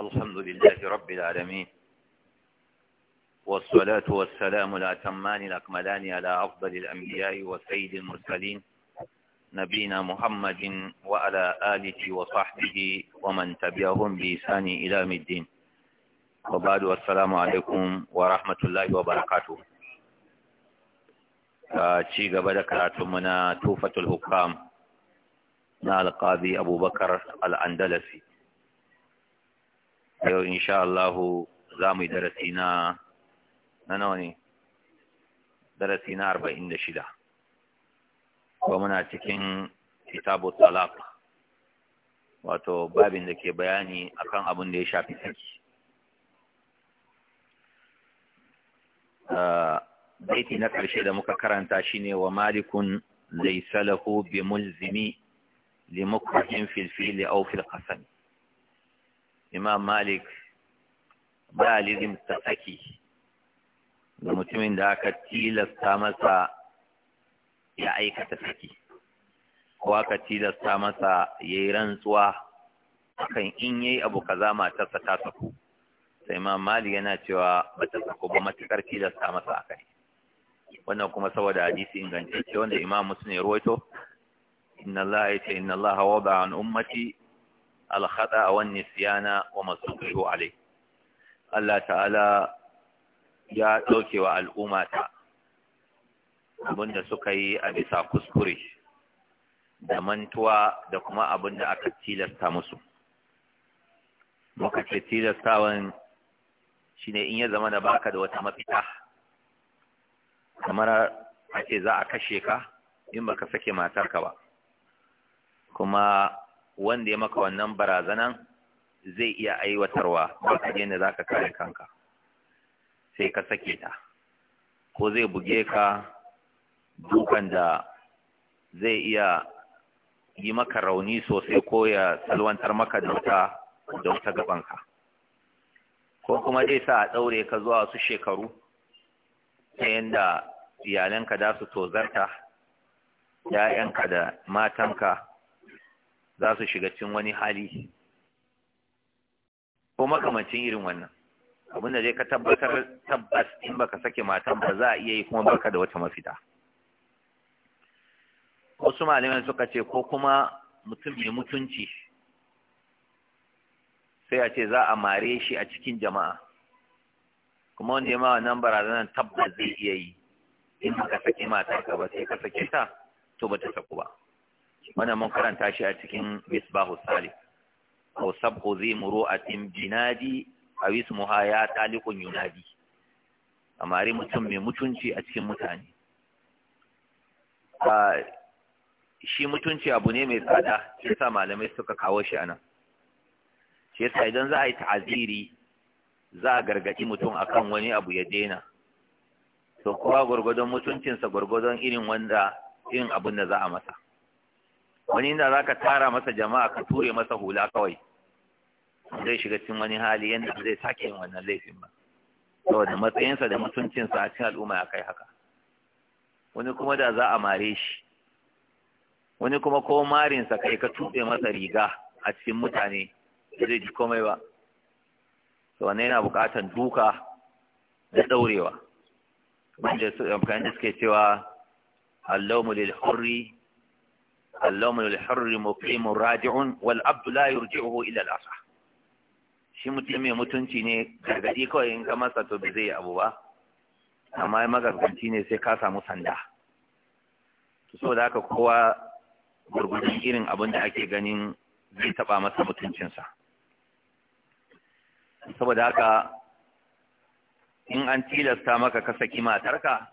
الحمد لله رب العالمين والصلاة والسلام الأتمان الأكملان على أفضل الأنبياء وسيد المرسلين نبينا محمد وعلى آله وصحبه ومن تبعهم بإحسان إلى يوم الدين وبعد والسلام عليكم ورحمة الله وبركاته ci gaba da karatunmu na tufatul hukam na alƙazi abubakar al'andalasi yau insha Allah za mu yi darasi na na nawa ne darasi na arba'in da shida ko muna cikin kitabu talaq wato babin da ke bayani akan abin da ya shafi saki ah, baiti na ƙarshe da muka karanta shi ne wa malikun zai salahu bi mulzimi li mukrahin filfili fili imam malik ba ta saki da mutumin da aka tilasta masa ya aikata saki ko aka tilasta masa ya yi rantsuwa akan in yi abu kaza matarsa ta saku sai imam malik yana cewa ba ta saku ba matukar tilasta masa akai wannan kuma saboda hadisi ingantacce wanda imam musu ne ruwaito inna allaha yace inna allaha wada an ummati al-khata wa nisyana wa masuqihu alai Allah ta'ala ya dauke wa al'umma ta abinda suka yi a bisa kuskure da mantuwa da kuma abinda aka tilasta musu muka ce tilastawan shine in ya zama da baka da wata mafita kamar a za a kashe ka in baka sake matarka ba kuma wanda ya maka wannan barazanan zai iya aiwatarwa ba ka je za ka kare kanka sai ka sake ta ko zai buge ka dukan da zai iya yi maka rauni sosai ko ya salwantar maka dauta da wata gabanka ko kuma zai sa a ɗaure ka zuwa wasu shekaru ta yadda iyalanka za su tozarta ‘ya'yanka da matanka za su shiga cin wani hali ko makamancin irin wannan abinda da zai ka tabbatar tabbas in baka sake matan ba za a iya yi kuma baka da wata mafita wasu malamai suka ce ko kuma mutum mai mutunci sai a ce za a mare shi a cikin jama'a kuma wanda ya ma nan barazanar tabbas zai iya yi in baka sake ka ba sai ka sake ta to bata ta saku ba wannan mun karanta shi a cikin misbahu salih aw sabqu zi muru'atin jinadi aw ismuha ya taliqun yunadi amari mutum mai mutunci a cikin mutane shi mutunci abu ne mai tsada shi sa malamai suka kawo shi anan shi yasa idan za a yi ta'aziri za a gargaɗi mutum akan wani abu ya daina to kowa gwargwadon mutuncinsa gwargwadon irin wanda irin abin da za a masa wani inda za ka tara masa jama'a ka ture masa hula kawai zai shiga cikin wani hali yadda zai sake yin wannan laifin ba saboda matsayinsa da mutuncinsa a cikin al'umma ya kai haka wani kuma da za a mare shi wani kuma ko marinsa kai ka tuɓe masa riga a cikin mutane da zai ji komai ba to wannan yana buƙatar duka da ɗaurewa wanda su amfani da suke cewa allo mulil hurri اللوم الحر مقيم راجع والعبد لا يرجعه إلى الأصح shi mutum mai mutunci ne gargadi kawai in ka masa to bai zai abu ba amma ya magarganci ne sai ka samu sanda to so da haka kowa gurgudun irin abin da ake ganin zai taba masa mutuncinsa saboda haka in an tilasta maka ka saki matarka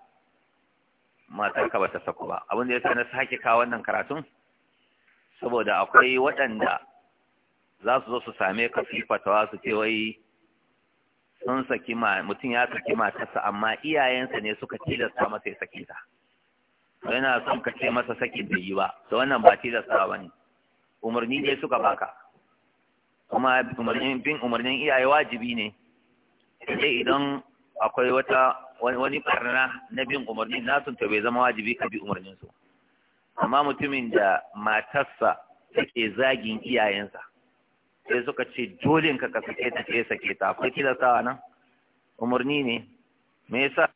matarka ba ta saku ba abin da ya sa na sake kawo wannan karatun saboda akwai waɗanda za su zo su same ka fi fatawa su ce wai sun saki ma mutum ya saki matarsa amma iyayensa ne suka tilasta masa ya saki ta yana son ka ce masa sakin bai yi ba to wannan ba tilasta ba ne umarni ne suka baka kuma umarnin bin umarnin iyaye wajibi ne sai idan akwai wata wani barna na bin umarnin nasu to bai zama wajibi ka bi umarninsu. amma mutumin da matarsa take zagin iyayensa sai suka ce dole ka ka sake ta ce sake ta akwai tilastawa nan umarni ne me yasa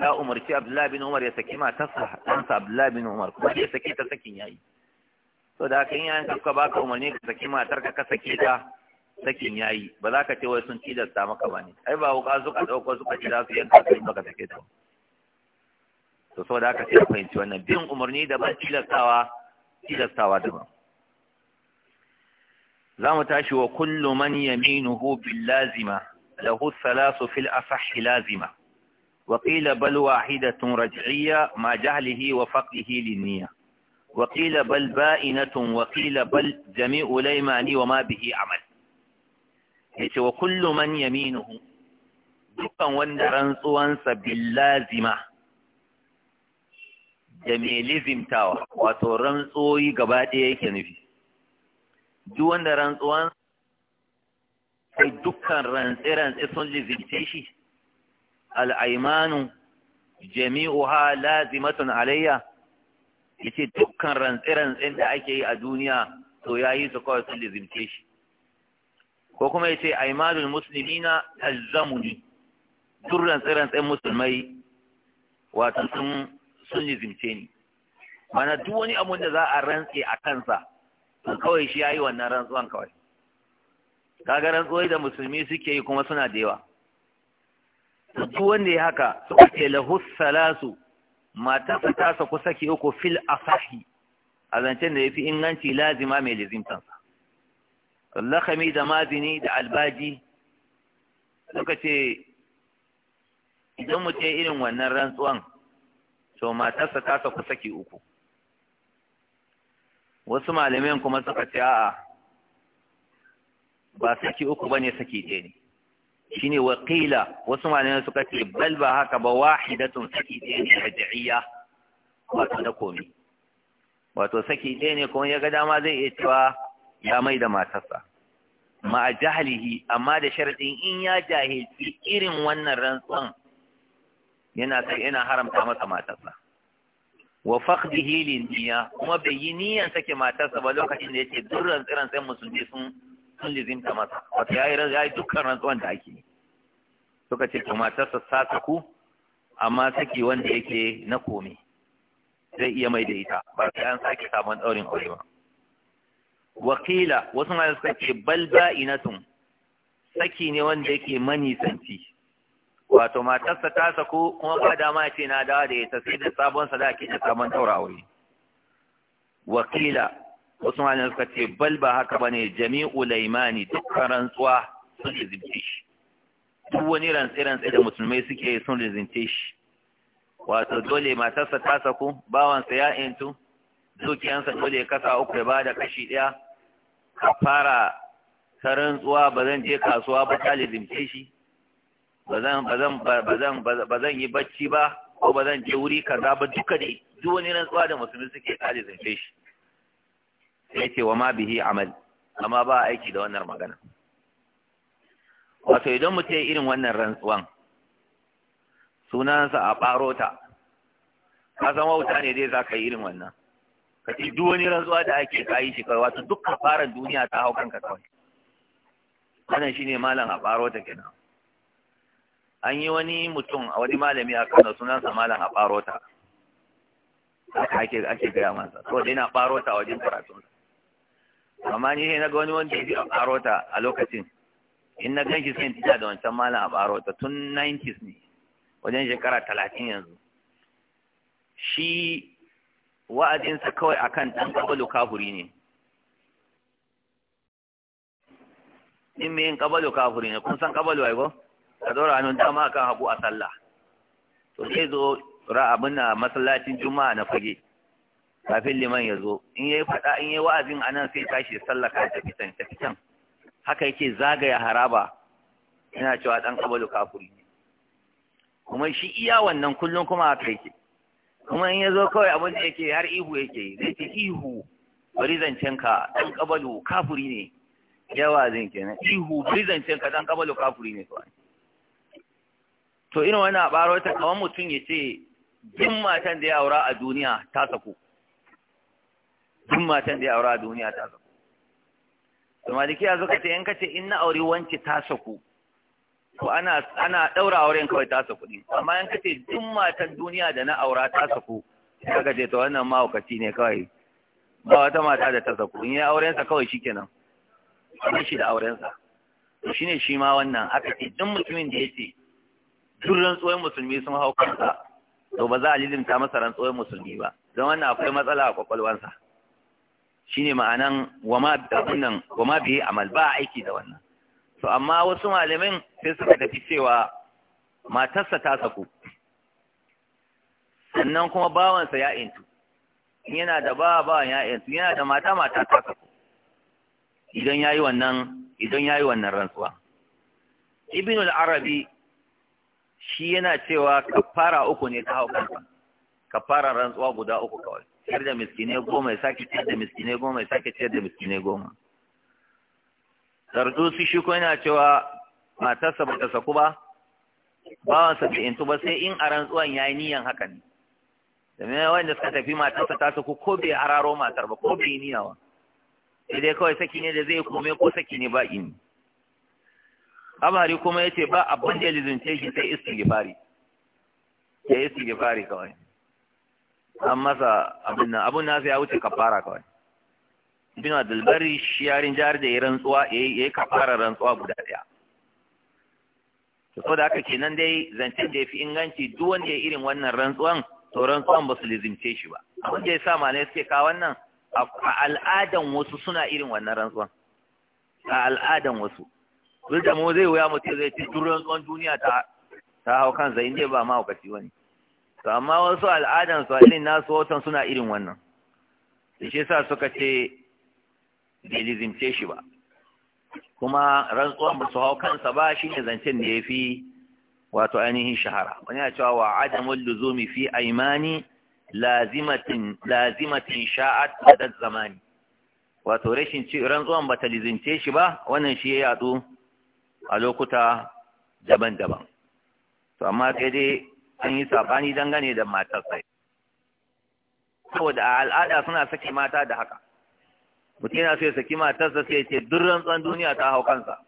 ya umarci Abdullahi bin Umar ya saki matarsa ɗansa Abdullahi bin Umar kuma ya sake ta sakin yayi so da haka yayin ka baka umarni ka saki matar ka ka sake ta sakin yayi ba za ka ce wai sun tilasta maka ba ne ai ba wuka suka ɗauko suka ci za su yanka kai baka sake ta ba to saboda haka sai a fahimci wannan bin umarni daban tilastawa tilastawa daban za mu tashi wa kullu man yaminuhu bil lazima lahu thalathu fil asah lazima wa qila bal wahidatun raj'iyya ma jahlihi wa واحدة lin niyya wa qila bal ba'inatun wa qila bal jami'u laymani wa ma bihi amal yace wa kullu man yaminuhu dukkan wanda rantsuwansa bil lazima da mai lizimtawa wato rantsoyi gaba ɗaya yake nufi duk wanda rantsuwan sai dukkan rantsi-rantsi sun lizimce shi al'aimanu jami'uha lazimatun alayya yace dukkan rantsi-rantsin da ake yi a duniya to ya yi su kawai sun lizimce shi ko kuma yace aimanul muslimina talzamuni duk rantsi-rantsin musulmai wato sun sun lizimce ni mana duk wani abun da za a rantse a kansa to kawai shi ya yi wannan rantsuwan kawai kaga rantsuwai da musulmi suke yi kuma suna da yawa duk wanda ya haka suka ce lahus salasu su tasa kusa ke uku fil asahi a zancen da ya fi inganci lazima mai lizimtansa lakami da mazini da albaji suka ce idan mu ce irin wannan rantsuwan to matarsa ta saku saki uku wasu malamin kuma suka ce a ba saki uku bane saki ɗaya ne shine waqila wasu malamin suka ce bal ba haka ba wahidatun saki ɗaya ne raj'iyya wato da komi wato saki ɗaya ne kuma ya ga dama zai iya cewa ya mai da matarsa ma a jahalihi amma da sharadin in ya jahilci irin wannan rantsuwan yana sai yana haramta masa matarsa wa faqdihi hili niyya kuma bai yi niyyar sake matarsa ba lokacin da yake durran tsiran sai musulmi sun sun lizimta masa wato yayi yayi dukkan rantsuwan da ake suka ce to matarsa ta saku amma saki wanda yake na komi zai iya mai da ita ba sai an sake sabon daurin aure ba wakila wasu ma suka ce bal ba'inatun saki ne wanda yake manisanci wato matarsa ta saku kuma ba dama ce na dawa da ita sai da sabon sadaki da sabon taura aure wakila wasu malaman suka ce bal ba haka bane jami'u laimani dukkan rantsuwa sun rizince shi duk wani rantsi-rantsi da musulmai suke sun rizince shi wato dole matarsa ta saku bawansa ya intu dukiyansa dole kasa uku ya bada kashi ɗaya ka fara ta rantsuwa ba zan je kasuwa ba ta lizimce shi ba zan yi bacci ba ko ba zan je wuri kaza ba duka da duk wani rantsuwa da musulmi suke kare zance shi sai ce wa ma bihi amal amma ba aiki da wannan magana wato idan mutum irin wannan rantsuwan sunansa a ɓarota ka san wauta ne zai za ka yi irin wannan ka ce duk wani rantsuwa da ake kayi shi kawai wato duk fara duniya ta hau kanka kawai wannan shine malam a ɓarota kenan an yi wani mutum a wani malami a da sunansa malam a barota haka ake ake gaya masa ko dai na barota a wajen karatun amma ni ne naga wani wanda yake a barota a lokacin in na ganki sai tita da wancan malam a barota tun 90s ne wajen shekara 30 yanzu shi wa'adinsa kawai akan dan kabalu kafuri ne in me yin kabalu kafuri ne kun san kabalu ai ko ka zaura hannun dama kan hagu a sallah to sai zo abin na masallacin juma'a na fage kafin liman ya zo in yayi fada in yayi wa'azin anan sai tashi sallah ka tafi can tafi can haka yake zagaya haraba yana cewa dan kabalu kafuri kuma shi iya wannan kullum kuma haka yake kuma in ya zo kawai abin da yake har ihu yake zai ci, ihu bari zancen ka dan kabalu kafuri ne yawa zan kenan ihu bari zancen ka dan kabalu kafuri ne kawai to ina wani a ɓaro ta kawan mutum ya ce jin matan da ya aura a duniya ta sako Jin matan da ya aura a duniya ta sako to malikiya suka ce yanka ce in na aure wancan ta sako to ana ana daura auren kawai ta sako ne. amma yanka ce jin matan duniya da na aura ta sako ya gaje to wannan mahaukaci ne kawai ba wata mata da ta sako in ya auren kawai shikenan ba shi da aurensa. to shi ma wannan aka ce ɗin mutumin da ya ce. duk rantsuwar musulmi sun hau kansa to ba za a lizimta masa rantsuwar musulmi ba don wannan akwai matsala a kwakwalwansa shine ma'anan wama wa ma biye amal ba aiki da wannan to amma wasu malamin sai suka tafi cewa matarsa ta saku sannan kuma bawansa ya intu yana da ba bawan ya intu yana da mata mata ta saku idan yayi wannan idan yayi wannan rantsuwa ibn al-arabi shi yana cewa kafara uku ne ta hau ka kafara rantsuwa guda uku kawai ciyar da miskine goma ya sake ciyar da miskine goma ya sake ciyar da miskine goma sardusi shi ko yana cewa matarsa ba ta saku ba bawansa bai intu ba sai in a rantsuwan ya yi niyan haka ne domin wanda suka tafi matarsa ta saku ko bai hararo matar ba ko bai niyawa sai dai kawai saki ne da zai kome ko saki ne ba ini abari kuma ya ce ba abin da ya lizince shi sai istighfari ya yi istighfari kawai an masa abin nan abin nasu ya wuce kafara kawai bina dalbari shi yarin jari da ya rantsuwa ya yi kafarar rantsuwa guda ɗaya to da haka kenan dai zancen da ya fi inganci duwan da ya irin wannan rantsuwan to rantsuwan ba su lizince shi ba abin da ya sa ne suke kawo wannan a al'adan wasu suna irin wannan rantsuwan a al'adan wasu duk da mu zai wuya mutum zai ci durin tsawon duniya ta ta hau kansa in dai ba mahaukaci wani to amma wasu al'adan su irin nasu watan suna irin wannan da shi sa suka ce bai lizimce shi ba kuma rantsuwan ba su hau kansa ba shi ne zancen da ya fi wato ainihin shahara wani ya cewa wa adamul luzumi fi aimani lazimatin lazimatin sha'at da zamani wato rashin rantsuwan ba ta lizimce shi ba wannan shi ya yatsu a lokuta daban-daban to amma sai dai an yi sabani dangane da matar sai saboda a al'ada suna saki mata da haka mutum yana so ya saki matarsa sai ya ce duk rantsan duniya ta hau kansa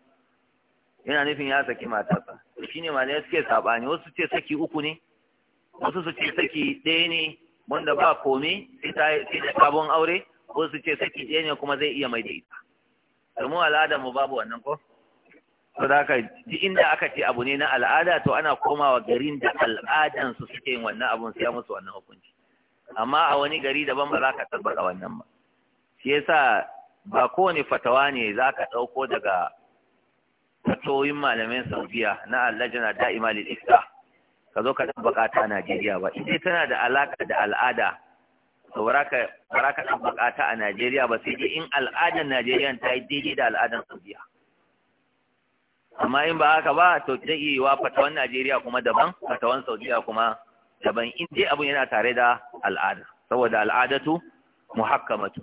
yana nufin ya saki matarsa shi ne malaya suke saɓani wasu ce saki uku ne wasu su ce saki ɗaya ne wanda ba komi, sai da sabon aure wasu ce saki ɗaya ne kuma zai iya mai da ita domin al'adar mu babu wannan ko saboda duk inda aka ce abu ne na al'ada to ana komawa garin da al'adan su suke yin wannan abun sai musu wannan hukunci amma a wani gari daban ba za ka tabbata wannan ba shi yasa ba kowane fatawa ne za ka ɗauko daga fatoyin malamin saudiya na allajana da'ima lil islah ka zo ka tabbata ta Najeriya ba dai tana da alaka da al'ada to baraka baraka tabbata a Najeriya ba sai dai in al'adan Najeriya ta yi daidai da al'adan Saudiya amma in ba haka ba to zai iya yiwa fatawan Najeriya kuma daban fatawan Saudiya kuma daban in dai abun yana tare da al'ada saboda al'adatu muhakkamatu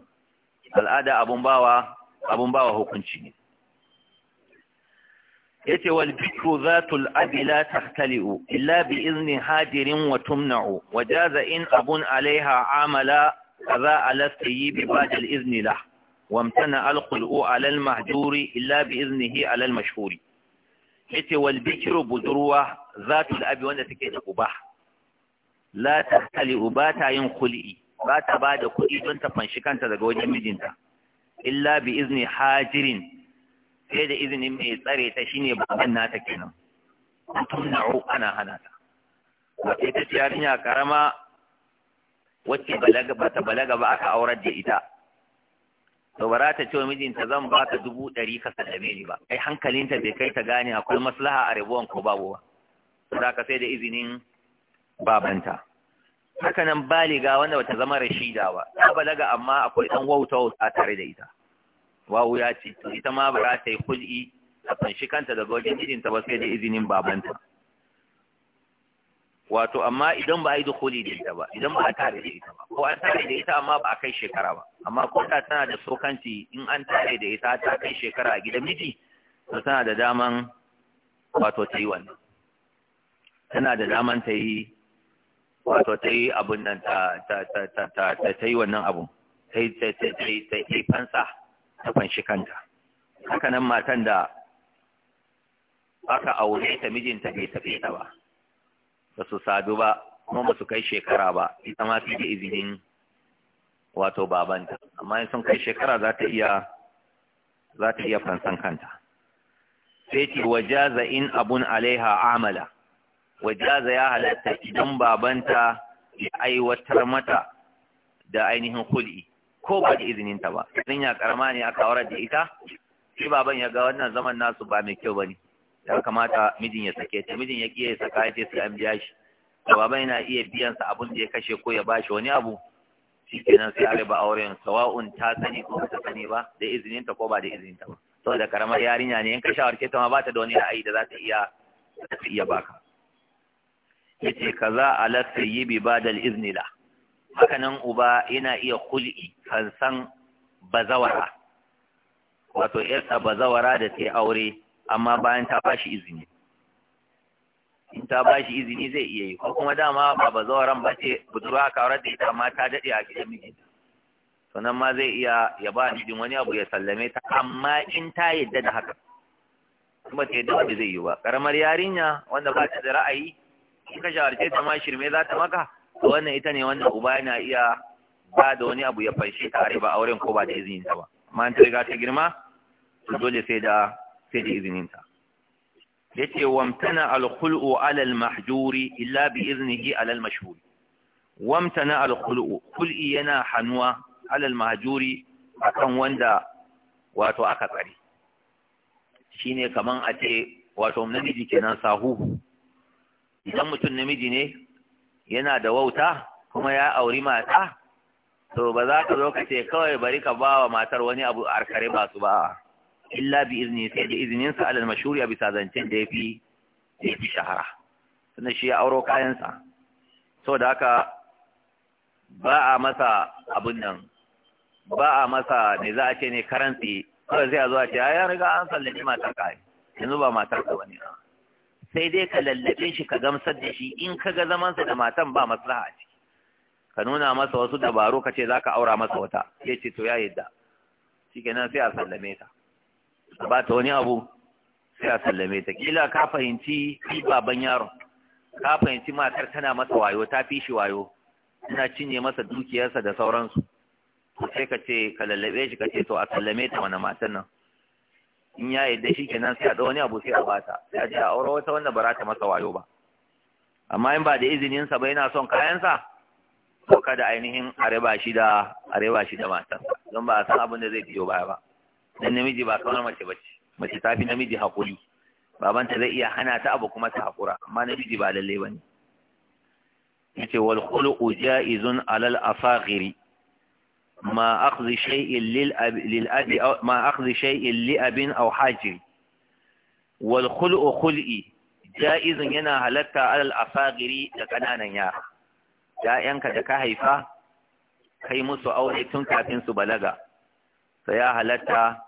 al'ada abun bawa abun bawa hukunci ne yace wal bikru zatul abi la tahtali'u illa bi izni hajirin wa tumna'u wa jaza in abun alaiha amala kaza ala sayyibi ba'da al izni lah وامتنع القلوء illa bi إلا بإذنه على المشهور yace wal bikru budurwa zatul abi wanda take da uba la tahtali uba ta yin khul'i ba ta ba da kuɗi don ta fanshi kanta daga wajen mijinta illa bi izni hajirin sai da izini mai tsare ta shine baban nata kenan tumna'u ana hana wace ta ce karama wacce balaga ba ta balaga ba aka aurar da ita to ba za ta ce wa mijinta zan ba ka dubu ɗari ka sallame ni ba ai hankalinta bai kai ta gane akwai maslaha a rabuwan ko babu ba za ka sai da izinin babanta haka nan baliga wanda bata zama rashida ba ta balaga amma akwai ɗan wauta a tare da ita wawu ya ce ita ma ba za ta yi kul'i a fanshi kanta daga wajen mijinta ba sai da izinin babanta wato amma idan ba a yi dukuli da ita ba idan ba a tare da ita ba ko an tare da ita amma ba a kai shekara ba amma ko ta tana da sokanci in an tare da ita ta kai shekara a gidan miji to tana da daman wato ta yi wannan tana da daman ta yi wato ta yi abun nan ta ta yi wannan abun ta yi ta ta fansa ta fanshi kanta haka nan matan da aka aure ta mijinta bai tafi ta ba ba su sadu ba kuma ba su kai shekara ba ita ma sai da izinin wato babanta amma in sun kai shekara za ta iya za ta iya fansan kanta sai ce wajaza in abun alaiha amala wajaza ya halatta idan babanta ya aiwatar mata da ainihin kul'i ko ba da izininta ba idan ya karama ne aka aurar da ita shi baban ya ga wannan zaman nasu ba mai kyau ne. ya kamata mijin ya sake ta mijin ya kiyaye saka ya ce sai an biya shi da baba yana iya biyan sa abin da ya kashe ko ya bashi wani abu shikenan sai a ba auren sawa'un ta sani ko ta sani ba da izinin ta ko ba da izinin ta ba saboda karamar yarinya ne in ka shawarce ta ma ba ta da wani ra'ayi da za ta iya za ta iya baka yace kaza ala sayyibi badal iznila haka nan uba yana iya kul'i san bazawara wato yarsa bazawara da sai aure amma bayan ta bashi izini in ta bashi izini zai iya yi ko kuma dama ba ba zawaran ba ce budurwa kawar da ita ma ta daɗe a gidan mijinta nan ma zai iya ya ba mijin wani abu ya sallame ta amma in ta yadda da haka kuma ta yadda wanda zai yi ba karamar yarinya wanda ba ta da ra'ayi in ka shawarce ta ma shirme za ta maka to wannan ita ne wanda uba yana iya ba da wani abu ya fanshi tare ba auren ko ba da izinin ta ba amma in ta riga ta girma to dole sai da sai da izininta ya ce wamtana alkhul'u alal mahjuri illa bi iznihi alal mashhuri wamtana alkhul'u kul'i yana hannuwa alal mahjuri kan wanda wato aka tsare ne kaman a ce wato namiji kenan sahuhu idan mutum namiji ne yana da wauta kuma ya auri mata to ba za ka zo ka ce kawai bari ka ba wa matar wani abu arkare ba su ba illa bi izini sai da izininsa alal mashuri a bisa zancen da ya fi shahara sannan shi ya auro kayansa sau da haka ba a masa abin nan ba a masa ne za a ce ne karanti kawai sai a zo a ce ya riga an sallami matar ka yanzu ba matar ka bane sai dai ka lallabe shi ka gamsar da shi in ka ga zamansa da matan ba maslaha a ciki ka nuna masa wasu dabaru ka ce za ka aura masa wata ya ce to ya yadda shikenan sai a sallame ta Ka ba ta wani abu sai a sallame ta kila ka fahimci shi baban yaron ka fahimci matar tana masa wayo ta fi shi wayo tana cinye masa dukiyarsa da sauransu to sai ka ce ka lallabe shi ka ce to a sallame ta wani matan nan in ya yadda shi kenan sai a ɗau wani abu sai a bata sai a ce a aure wata wanda ba za ta masa wayo ba amma in ba da izinin sa ba yana son kayansa Ko kada ainihin a raba shi da a matarsa don ba a san abin da zai biyo baya ba dan namiji ba kamar mace bace mace ta fi namiji hakuri babanta zai iya hana ta abu kuma ta hakura amma namiji ba lalle bane yace wal khuluqu ja'izun al asaghiri ma akhdhi shay'in lil lil abi ma akhdhi shay'in li abin aw hajiri wal khuluqu khul'i ja'izun yana halatta alal asaghiri da kananan yara ya'yanka da ka haifa kai musu aure tun kafin su balaga sai ya halatta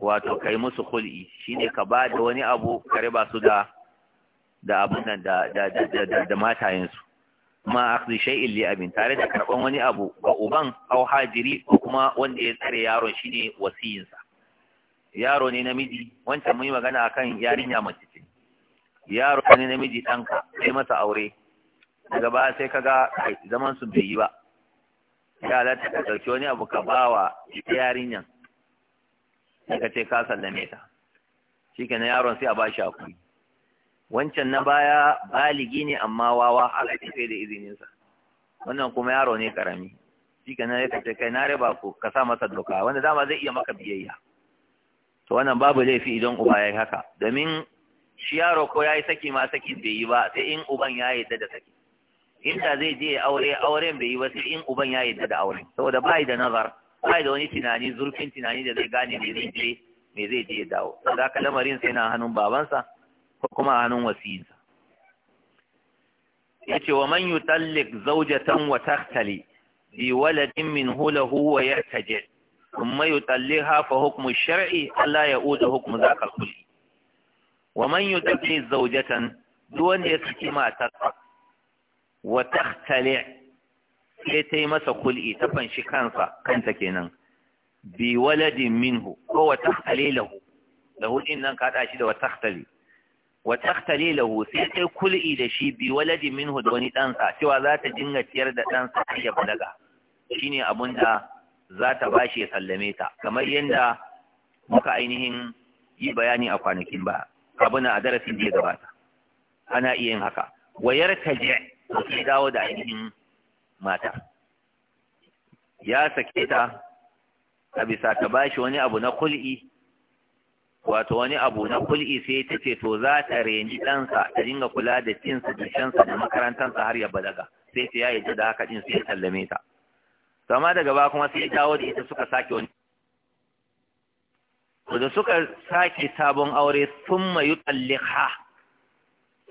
wato kai musu hul'i shine ka ba da wani abu ka riba su da da abin nan da da da da, da matayensu ma akhdhi shay'in li abin tare da karban wani abu ga uban au hajiri ko kuma wanda ya tsare yaron shine wasiyinsa yaro ne namiji wancan mun yi magana akan yarinya mace ce yaro ne namiji danka sai masa aure daga ba sai kaga zaman su bai yi ba ya halatta ka ɗauki wani abu ka ba ita yarinyan sai ka ce ka sallame ta shi na yaron sai a ba shi wancan na baya baligi ne amma wawa haka sai da izininsa wannan kuma yaro ne karami shi ke na ya ce kai na riba ku ka sa masa doka wanda dama zai iya maka biyayya to wannan babu laifi idan uba ya yi haka domin shi yaro ko ya yi saki ma sakin bai yi ba sai in uban ya yi da saki inda zai je aure auren bai yi ba sai in uban ya yi da auren saboda bai da nazar bai da wani tunani zurfin tunani da zai gane me zai je me zai je dawo saboda ka lamarin sai na hannun babansa ko kuma hannun wasiyinsa yace wa man yutallik zawjatan wa takhtali bi waladin min hulahu wa yartaji fa hukmu shar'i الشرع الا يعود حكم ذاك الكل ومن يطلق زوجة دون ya ما matar. wa sai ta yi masa kul'i ta fanshi kansa kanta kenan bi waladin minhu ko wa takhtali lahu lahu din nan ka shi da wa takhtali wa lahu sai ta kul'i da shi bi waladin minhu da wani dan sa cewa za ta dinga ciyar da dan sa ya balaga shine abunda za ta bashi ya sallame ta kamar yanda muka ainihin yi bayani a kwanakin ba abuna a darasin da ya gabata ana iya yin haka wayar je. to sai dawo da ainihin mata ya sake ta a bisa ta bashi wani abu na kul'i wato wani abu na kul'i sai ta ce to za ta reni ɗansa ta dinga kula da cinsa da shansa da makarantarsa har ya balaga sai ta yayi da haka din sai ya sallame ta Sama daga ba kuma sai dawo da ita suka sake wani Wanda suka sake sabon aure sun mayu tsallika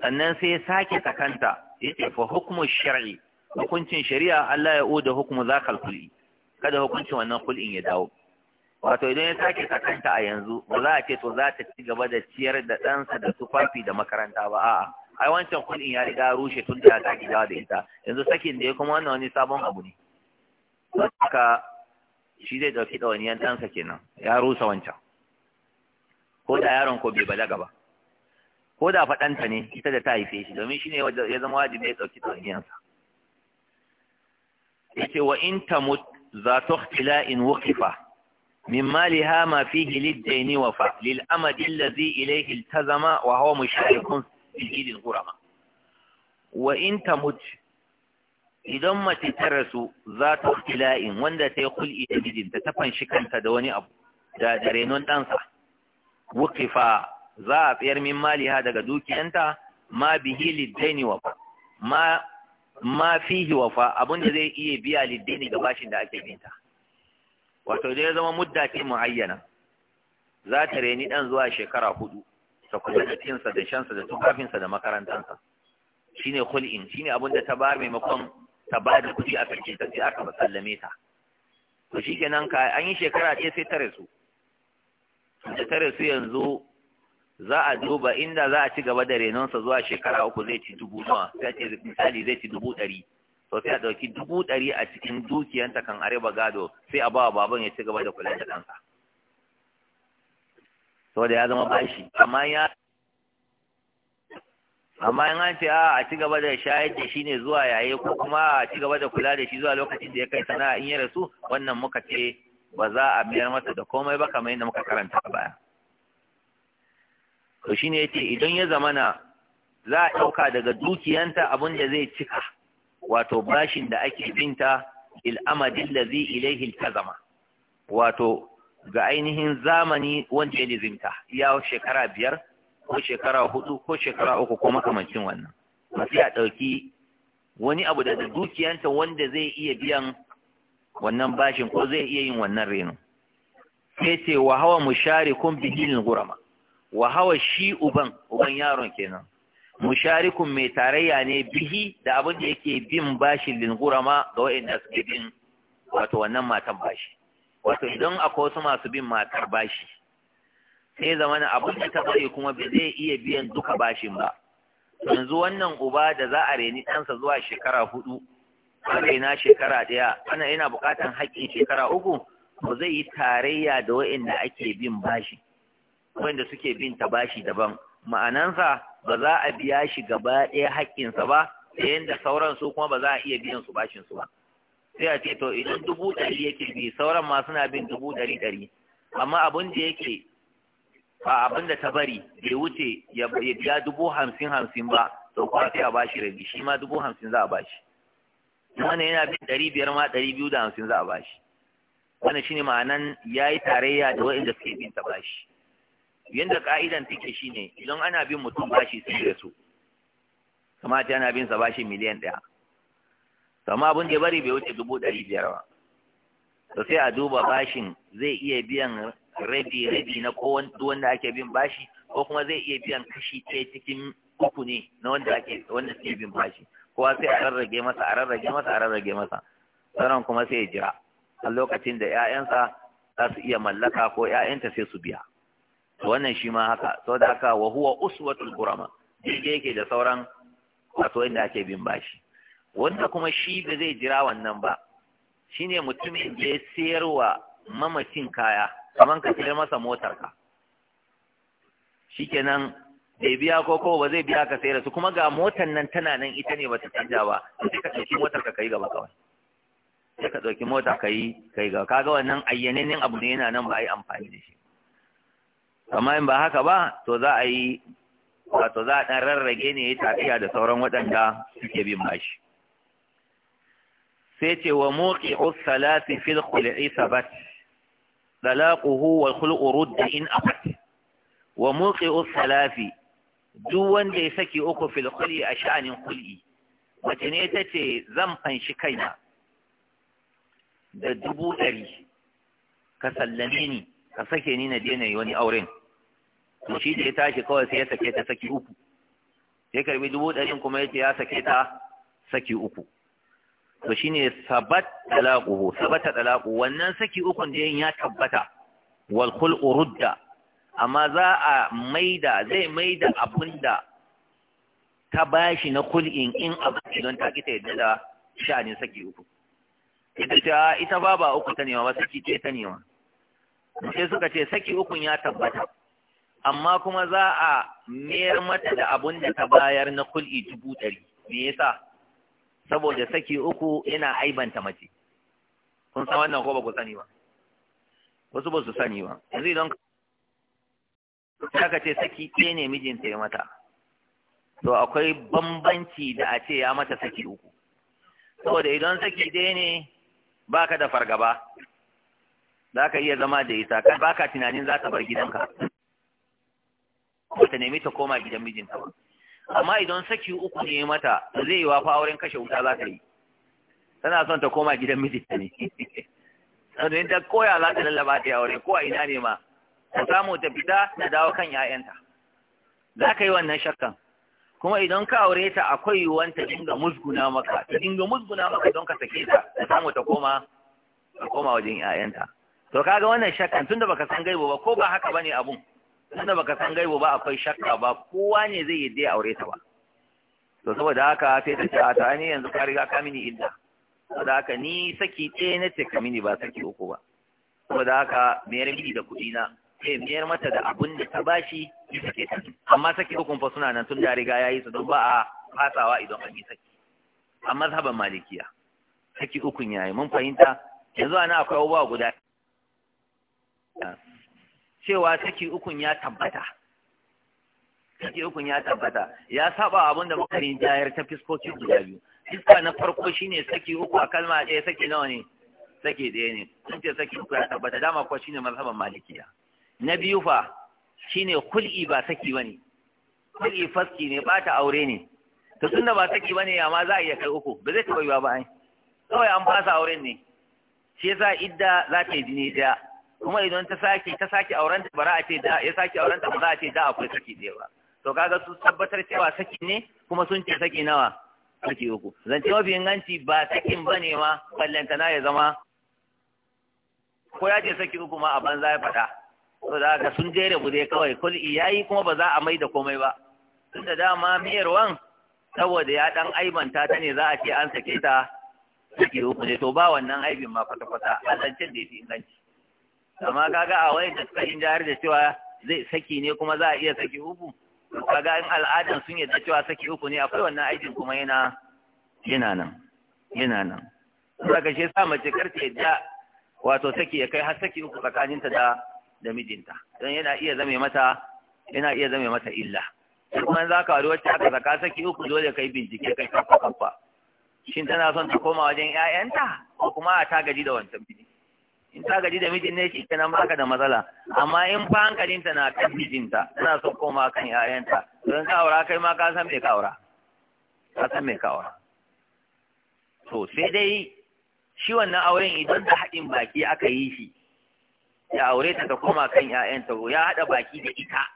sannan sai sake takanta yake fa hukumu shar'i hukuncin shari'a Allah ya oda hukumu zakal kulli kada hukuncin wannan kullin ya dawo wato idan ya sake takanta a yanzu ba za a ce to za ta ci gaba da ciyar da ɗansa da tufafi da makaranta ba a'a ai wancan kullin ya riga rushe tun da ya sake dawa da ita yanzu sakin da ya kuma wannan wani sabon abu ne haka shi zai ɗauki ɗawainiyar ɗansa kenan ya rusa wancan ko da yaron ko bai balaga ba ko da faɗanta ne ita da ta haife shi domin shi ne ya zama wajibi ya ɗauki ɗauniyansa ya ce wa in za ta ƙila in wukifa min mali ha ma fi hilid da ni wafa lil amadi lazi ilaihi ta zama wa hawa mu sha'ikun filhidin hurama wa in idan mace ta rasu za ta ƙila in wanda ta yi hul'i da mijinta ta fanshi kanta da wani abu da renon ɗansa wukifa za a tsayar min maliha daga dukiyanta ma bihi liddaini wafa ma ma fihi wafa abinda zai iya biya liddaini ga bashin da ake binta wato dai zama mudda ce muayyana za ta reni dan zuwa shekara hudu ta kula da cinsa da shansa da tufafinsa da makarantansa shine khul'in shine abinda ta ba maimakon ta ba da kuɗi a kace ta sai aka sallame ta to shikenan ka an yi shekara ce sai ta rasu da ta su yanzu za a duba inda za a ci gaba da renonsa zuwa shekara uku zai ci dubu nawa sai ce misali zai ci dubu ɗari to sai a ɗauki dubu ɗari a cikin dukiyanta kan areba gado sai a bawa baban ya ci gaba da kula da kansa saboda ya zama bashi amma ya amma in an ce a a ci gaba da shayar da shi ne zuwa yaye ko kuma a ci gaba da kula da shi zuwa lokacin da ya kai sana'a in ya rasu wannan muka ce ba za a biyar masa da komai ba kamar yadda muka karanta a baya to shine yace idan ya zamana za a ɗauka daga dukiyanta abin da zai cika wato bashin da ake binta il'amadin lazi ilaihi kazama wato ga ainihin zamani wanda ya lizinta ya shekara biyar ko shekara hudu ko shekara uku ko makamancin wannan masu a ɗauki wani abu da dukiyanta wanda zai iya biyan wannan bashin ko zai iya yin wannan reno sai ce wa hawa musharikun bihilin gurama wa hawa shi uban uban yaron kenan musharikun mai tarayya ne bihi da abin da yake bin bashin lingurama ga wa'inda suke bin wato wannan matan bashi wato idan akwai wasu masu bin matar bashi sai zamana abin da ta bari kuma ba zai iya biyan duka bashin ba yanzu wannan uba da za a reni ɗansa zuwa shekara hudu raina shekara ɗaya ana yana buƙatar haƙƙin shekara uku ba zai yi tarayya da wa'inda ake bin bashi wanda suke bin ta bashi daban ma'anansa ba za a biya shi gaba ɗaya haƙƙinsa ba da yadda sauran su kuma ba za a iya biyan su bashin su ba sai a ce to idan dubu ɗari yake bi sauran ma suna bin dubu ɗari ɗari amma abin da yake ba abin da ta bari bai wuce ya biya dubu hamsin hamsin ba to kuma sai a bashi rabi shi ma dubu hamsin za a bashi wannan yana bin ɗari biyar ma ɗari biyu da hamsin za a bashi wannan shine ma'anan ya yi tarayya da waɗanda suke bin ta bashi yanda ka'idan take shine idan ana bin mutum bashi sai da su kamata yana bin sa bashi miliyan ɗaya amma abin da ya bari bai wuce dubu ɗari biyar ba to sai a duba bashin zai iya biyan rabi rabi na ko wanda ake bin bashi ko kuma zai iya biyan kashi ɗaya cikin uku ne na wanda ake wanda ke bin bashi kowa sai a rarrage masa a rarrage masa a rarrage masa sauran kuma sai ya jira a lokacin da 'ya'yansa za su iya mallaka ko 'ya'yanta sai su biya wannan shi ma haka da haka wa huwa uswatul qurama daidai yake da sauran wato inda ake bin bashi wanda kuma shi ba zai jira wannan ba shine mutumin da ya sayarwa mamakin kaya kamar ka sayar masa motar ka kenan bai biya ko ko ba zai biya ka sayar su kuma ga motar nan tana nan ita ne bata canja ba sai ka ɗauki motar ka kai gaba kawai sai ka ɗauki motar ka yi kai gaba kaga wannan ayyanannen abu ne yana nan ba a yi amfani da shi amma in ba haka ba to za a yi wato za a ɗan rarrage ne ya tafiya da sauran waɗanda suke bin bashi sai ce wa moƙi usalati fil khul'i sabat dalaquhu wal khul'u rudda in abat wa moƙi usalati duk wanda ya saki uku fil khul'i a sha'anin khul'i wace ne ta ce zan fanshi kaina da dubu ɗari ka sallame ni ka sake ni na daina yi wani auren to shi da ya tashi kawai sai ya sake ta saki uku sai karbi dubu ɗarin kuma ya ce ya sake ta saki uku to shine sabat talaquhu sabata talaqu wannan saki ukun da ya tabbata wal khulqu urudda, amma za a maida zai maida da ta bashi na kul'in in abin don ta kita yadda da sha'anin saki uku ita ta ah, ita ba uku ta nema ba saki ce ta nema sai suka ce saki ukun ya tabbata amma kuma za a mayar mata da abun da ta bayar na kul'i dubu ɗari me yasa saboda saki uku yana aibanta mace kun san wannan ko ba ku sani ba wasu ba su sani ba yanzu idan ka ce saki ɗaya ne mijinta ya mata to akwai bambanci da a ce ya mata saki uku saboda idan saki ɗaya ne baka da fargaba za ka iya zama da ita baka tunanin za ta bar gidanka ba ta nemi ta koma gidan mijinta ba amma idan saki uku ne mata zai yi wafa auren kashe wuta za ta yi tana son ta koma gidan mijinta ne sannan ta koya za ta lallaba ta aure ko a ina ne ma ta samu ta fita ta dawo kan 'ya'yanta za ka yi wannan shakkan kuma idan ka aure ta akwai yiwuwar ta dinga musguna maka ta dinga musguna maka don ka sake ta ta samu ta koma ta koma wajen 'ya'yanta to kaga wannan shakkan tunda baka san gaibo ba ko ba haka bane abun tunda baka san gaibo ba akwai shakka ba kowa ne zai yi dai aure ta ba to saboda haka sai ta ce a ta ni yanzu ka riga ka mini idda saboda haka ni saki ɗaya na ce ka mini ba saki uku ba saboda haka mayar mini da kuɗi na sai mayar mata da abun da ta bashi ni sake ta amma saki ukun fa suna nan tun da riga yayi su don ba a fasawa idan an yi saki a mazhaban malikiya saki ukun yayi mun fahimta yanzu ana akwai abubuwa guda cewa saki ukun ya tabbata saki ukun ya tabbata ya saba abin da muka rinjayar ta fiskoki guda biyu iska na farko shine saki uku a kalma ɗaya saki nawa ne saki ɗaya ne sun ce saki uku ya tabbata dama kuwa shine mazhaban malikiya na biyu fa shine kul'i ba saki bane kul'i faski ne bata aure ne to tunda ba saki bane amma za a iya kai uku ba zai taɓa yiwa ba ai kawai an fasa auren ne shi yasa idda za ta yi jini ɗaya kuma idan ta sake ta sake auren ta bara a ce da ya sake auren ta ba za a ce da akwai saki da yawa to kaga su tabbatar cewa saki ne kuma sun ce saki nawa saki uku zance mafi inganci ba sakin ba ne ma na ya zama ko ya ce saki uku ma a banza ya faɗa to da haka sun jere bude kawai kul iyayi kuma ba za a mai da komai ba Tun da dama miyar wan saboda ya dan aibanta ta ne za a ce an sake ta saki uku ne to ba wannan aibin ma kwata-kwata a zancen da ya fi inganci amma kaga a wai da suka jihar da cewa zai saki ne kuma za a iya saki uku kaga in al'adan sun yadda cewa saki uku ne akwai wannan aikin kuma yana yana nan yana nan saka shi sa mace karta yadda wato saki ya kai har saki uku tsakaninta da da mijinta don yana iya zame mata yana iya zame mata illa kuma za ka wari wacce aka saka saki uku dole kai bincike kai kafa kafa shin tana son ta koma wajen 'ya'yanta ko kuma ta gaji da wancan biki in ta gaji da mijin ne shi kenan baka da matsala amma in fa hankalinta na kan mijinta tana son koma kan 'ya'yanta. don in ka aura kai ma ka san me ka aura ka san me ka aura to sai dai shi wannan auren idan da haɗin baki aka yi shi ya aure ta ta koma kan 'ya'yanta, ko ya haɗa baki da ita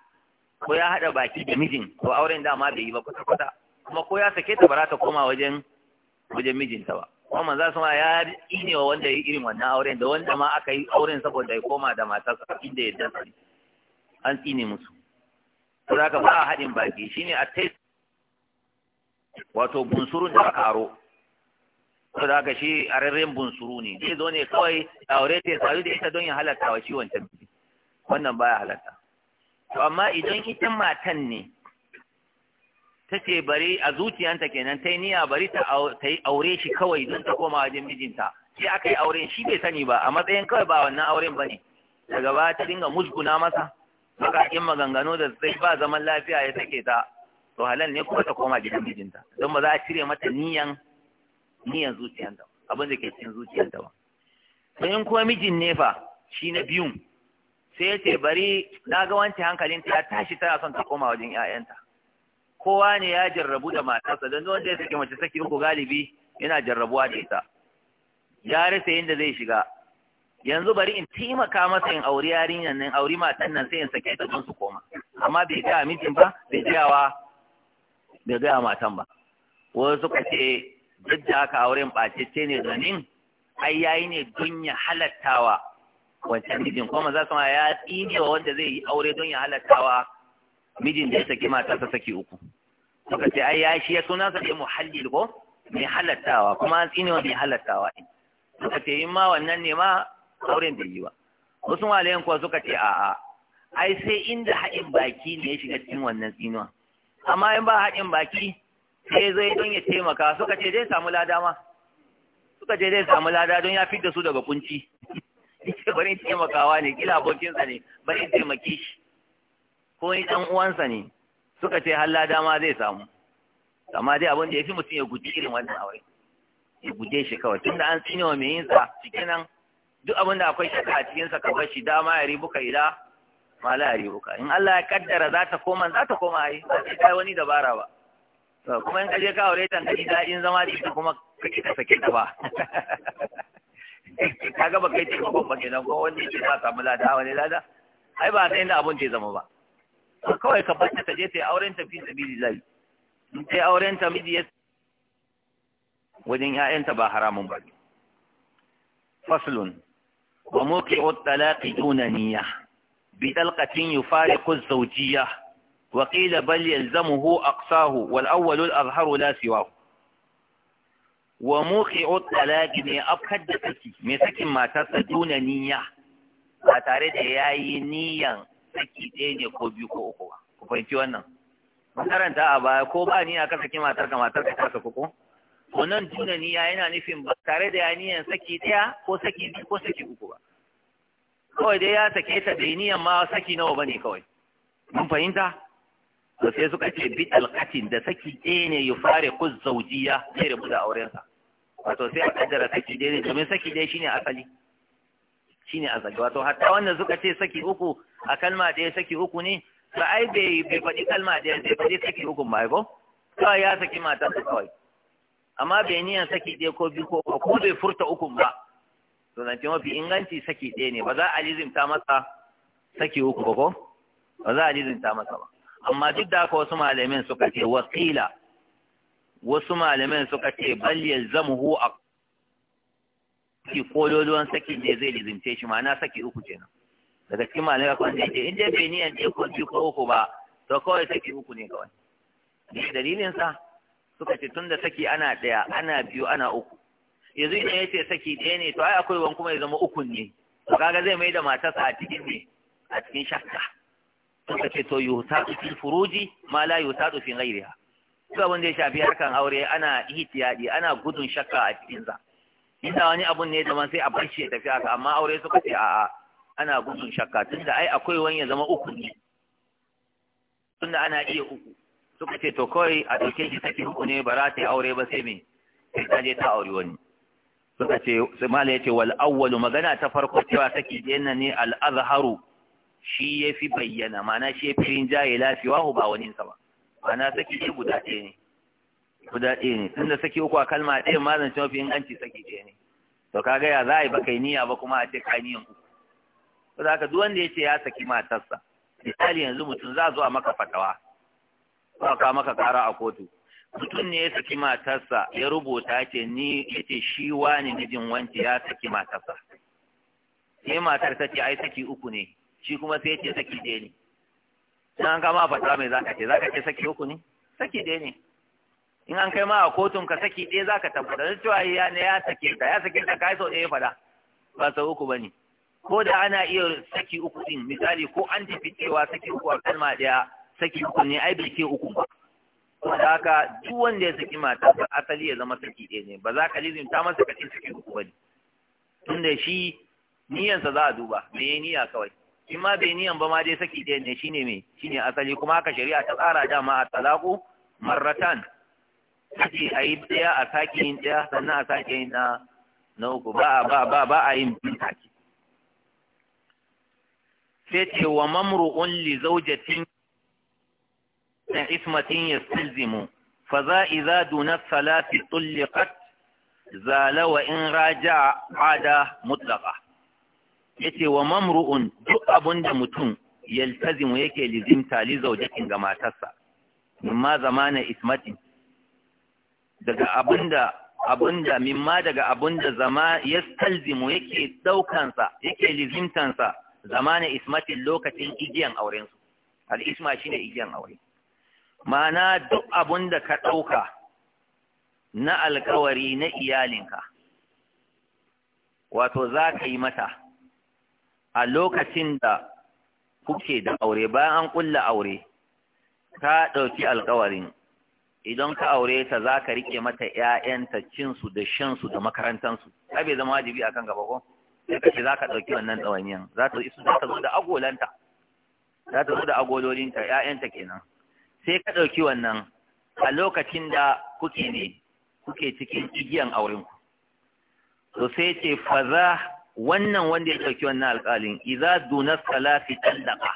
ko ya haɗa baki da mijin to auren dama bai yi ba kwata kwata kuma ko ya sake ta ba za ta koma wajen wajen mijinta ba kuma su ma ya ne wa wanda ya irin wannan auren da wanda ma aka yi auren saboda ya koma da matarsa inda ya dace an tsine musu to ka ba haɗin baki shine a tai wato bunsurun da aka aro to ka shi a rarren bunsuru ne zai zo ne kawai aure ta sadu da ita don ya halatta wa ciwon ta wannan baya halatta to amma idan ita matan ne ta ce bari a zuciyanta kenan ta yi niyya bari ta yi aure shi kawai don ta koma wajen mijinta sai aka yi auren shi bai sani ba a matsayin kawai ba wannan auren ba ne daga ba ta dinga musguna masa bakakin maganganu da sai ba zaman lafiya ya sake ta to halal ne kuma ta koma gidan mijinta don ba za a cire mata niyan niyan zuciyanta abin da ke cikin zuciyanta ba to in kuma mijin ne fa shi na biyun sai ya ce bari na ga wancan hankalin ta tashi tana son ta koma wajen 'ya'yanta kowa ne ya jarrabu da matarsa don wanda ya saki mace saki uku galibi yana jarrabuwa da ita ya rasa yadda zai shiga yanzu bari in taimaka masa in auri yarinyar nan auri matan nan sai in sake ta don su koma amma bai gaya mijin ba bai gayawa bai ga matan ba wasu suka ce duk da haka auren ɓacece ne domin ai yayi ne don ya halattawa wancan mijin kuma za su ma ya tsine wa wanda zai yi aure don ya halattawa mijin da ya saki matarsa saki uku suka ce ai ya shi ya suna sa mu halli ko mai halattawa kuma an tsini wa mai halattawa din suka ce in ma wannan ne ma auren bai yi ba wasu malayan kuwa suka ce a'a ai sai inda haɗin baki ne ya shiga cikin wannan tsinuwa amma in ba haɗin baki sai zai don ya taimaka suka ce zai samu lada ma suka ce zai samu lada don ya fi da su daga kunci ce bari taimakawa ne kila abokinsa ne bari taimake shi ko ni dan uwansa ne suka ce halla dama zai samu amma dai abin da ya fi mutum ya guji irin wannan aure ya guje shi kawai tunda an tsine wa mai yinsa cikinan duk abin da akwai shaka a cikin sa bar shi dama ya ribuka ila ma la ribuka in Allah ya kaddara za ta koma za ta koma ai ba sai kai wani dabara ba kuma in ka je ka aure ta kaji in zama da ita kuma ka ta sake ta ba kaga ba kai ce ba ba kenan ko wani shi ba samu lada wani lada ai ba sai inda abun ce zama ba kawai ka bar ta je ta yi auren ta fi sabilillahi in ta yi auren ta miji ya wajen ƴaƴanta ba haramun ba faslun wa muqi'u talaqi duna niyya bi talqatin yufariqu az-zawjiyya wa qila bal yalzamuhu aqsahu wal awwalu al-azharu la siwahu wa muqi'u talaqi ne afkad da saki me sakin matarsa duna niyya ba tare da yayi niyyan saki ɗaya ne ko biyu ko uku ba ku fahimci wannan Makaranta a baya ko ba ni aka saki matar ka matar ka ta kuku ko wannan tuna ni ya yana nufin ba tare da yaniyan saki ɗaya ko saki biyu ko saki uku ba kawai dai ya sake ta da niyan ma saki nawa bane kawai mun fahimta to sai suka ce bi alqatin da saki ɗaya ne yufariqu zaujiya sai rubuta aurensa wato sai a kaddara saki ɗaya ne domin saki ɗaya shine asali Shi ne a azali wato hatta wannan suka ce saki uku a kalma ɗaya, saki uku ne ba ai bai bai faɗi kalma ɗaya bai faɗi saki uku ba ko kawai ya saki mata ta kawai amma bai niyan saki ɗaya ko biyu ko ko bai furta ukun ba to nan ce mafi inganci saki ɗaya ne ba za a lizimta masa saki uku ba ko ba za a lizimta masa ba amma duk da haka wasu malamin suka ce wakila wasu malamin suka ce bal yalzamuhu a ko kololuwan saki ne zai lizimce shi ma'ana saki uku kenan daga cikin malamai kan da ce in dai bai niyan ɗaya ko biyu ko uku ba to kawai saki uku ne kawai ne dalilin sa suka ce tun da saki ana ɗaya ana biyu ana uku yanzu idan ya ce saki ɗaya ne to ai akwai wani kuma ya zama uku ne to kaga zai mai da matarsa a cikin ne a cikin shakka suka ce to ta fil furuji ma la yuhtadu fi ghayriha duk abin da ya shafi harkan aure ana ihtiyadi ana gudun shakka a cikin sa inda wani abun ne zama sai a bar shi ya tafi haka amma aure suka ce a'a ana gudun shakka tunda ai akwai wani ya zama uku ne tunda ana iya uku suka ce to kawai a ɗauke shi take uku ne ba ta yi aure ba sai me sai ta je ta aure wani suka ce mala ya ce wal awwalu magana ta farko cewa take jenna ne al azharu shi ya fi bayyana ma'ana shi ya fi rinjaye lafiya ba wani sa ba ma'ana saki ce guda ɗaya ne guda ɗaya ne tunda saki uku a kalma ɗaya ma zan mafi inganci saki ɗaya ne to ka gaya za a yi baka yi niyya ba kuma a ce ka niyan uku to da haka duk wanda ya ce ya saki matarsa misali yanzu mutum za a zo a maka fatawa za ka maka kara a kotu mutum ne ya saki matarsa ya rubuta ce ni ya ce shi wani mijin wanci ya saki matarsa sai matar ta ce ai saki uku ne shi kuma sai ya ce saki ɗaya ne sai an kama fatawa mai za ka ce za ka ce saki uku ne saki ɗaya ne in an kai ma a kotun ka saki ɗaya za ka tabbatar da cewa ya ne ya sake ta ya sake ta ka yi sau ɗaya fada ba sau uku ba ne ko da ana iya saki uku ɗin misali ko an tafi cewa saki uku a kalma ɗaya saki uku ne ai bai ke uku ba da haka duk wanda ya saki mata ba asali ya zama saki ɗaya ne ba za ka ta masa ka ce saki uku ba ne tunda shi niyyansa za a duba me ya niyya kawai in ma bai niyan ba ma dai saki ɗaya ne shine me shine asali kuma haka shari'a ta tsara dama a talaku marratan kace a yi ɗaya a sake yin ɗaya sannan a sake yin na na uku ba ba ba ba a yin biyu sake sai ce wa mamru'un li zawjatin na ismatin ya yastalzimu fa za idza duna salati tulliqat zala wa in raja'a ada mutlaqa yace wa mamru'un duk abunda mutum yaltazimu yake lizimta li zawjatin ga matarsa imma zamana ismatin daga abinda abinda mimma daga abinda zama ya stalzimu yake daukansa yake lizimtansa zamanin ismatin lokacin igiyan aurensu al'isma shi ne igiyan aure Mana duk abinda ka dauka na alkawari na iyalinka wato za ka yi mata a lokacin da kuke da aure bayan an kulla aure ka ɗauki alkawarin idan ka aure ta za ka rike mata ‘ya'yanta cinsu da shansu da makarantansu, ta bai zama wajibi a kan gaba ko? Sai ka ce za ka ɗauki wannan ɗawainiyan, za ta isu za ta zo da agolanta, za ta zo da agololinta ‘ya'yanta kenan. Sai ka ɗauki wannan a lokacin da kuke ne, kuke cikin igiyan ku. To sai ce faza wannan wanda ya ɗauki wannan alƙalin, iza dunas talafi ɗan daƙa,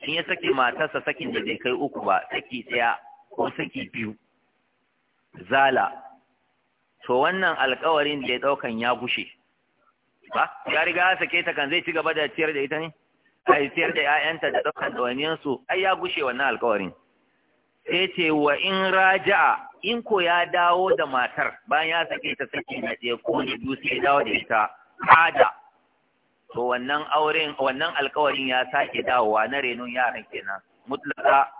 in ya sake matarsa sakin da bai kai uku ba, saki ɗaya ko saki biyu zala to wannan alkawarin da ya daukan ya gushe ba ya riga ya sake ta kan zai ci gaba da ciyar da ita ne a ciyar da ƴaƴanta da daukan dawaniyar su ai ya gushe wannan alkawarin sai ce wa in raja'a in ko ya dawo da matar bayan ya sake ta sake na ɗaya ko na biyu sai dawo da ita hada to wannan auren wannan alkawarin ya sake dawowa na renon yaran kenan mutlaka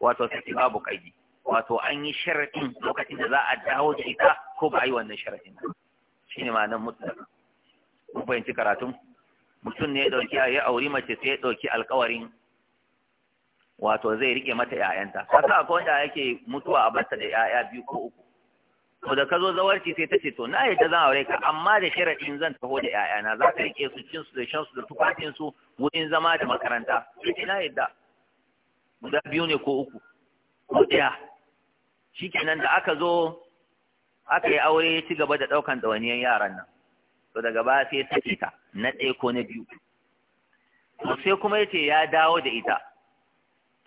wato sake babu kaidi wato an yi sharaɗin lokacin da za a dawo da ita ko ba a yi wannan sharaɗin shi ne ma'anar mutlaka mun fahimci karatun mutum ne ya ɗauki a yi auri mace sai ya ɗauki alkawarin wato zai riƙe mata ‘ya'yanta kasa ko wanda yake mutuwa a bata da ‘ya'ya biyu ko uku to da ka zo zawarci sai ta ce to na yadda zan aure ka amma da sharaɗin zan taho da ‘ya'yana za ka riƙe su cin su da shan su da tufafin su wurin zama da makaranta ina yadda guda biyu ne ko uku ko ɗaya shikenan da aka zo aka yi aure cigaba ci gaba da ɗaukan ɗawainiyar yaran nan to daga baya sai ta na ɗaya ko na biyu to sai kuma ya ce ya dawo da ita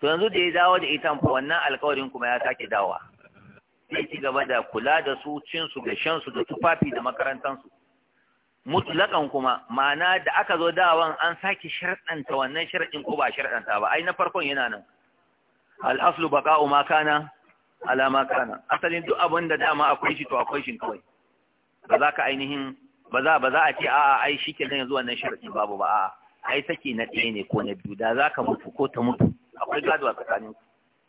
to yanzu da ya dawo da ita fa wannan alƙawarin kuma ya sake dawowa sai ci gaba da kula da su cin su da shan su da tufafi da makarantan su mutlakan kuma ma'ana da aka zo dawan an sake sharɗanta wannan sharɗin ko ba sharɗanta ba ai na farkon yana nan al-aslu baqa'u ma alama kana asalin duk abin da dama akwai shi to akwai shi kawai ba za ka ainihin ba za ba za a ce a'a ai shi ke yanzu wannan sharadi babu ba a'a ai saki na ɗaya ne ko na biyu da za ka mutu ko ta mutu akwai gado a tsakanin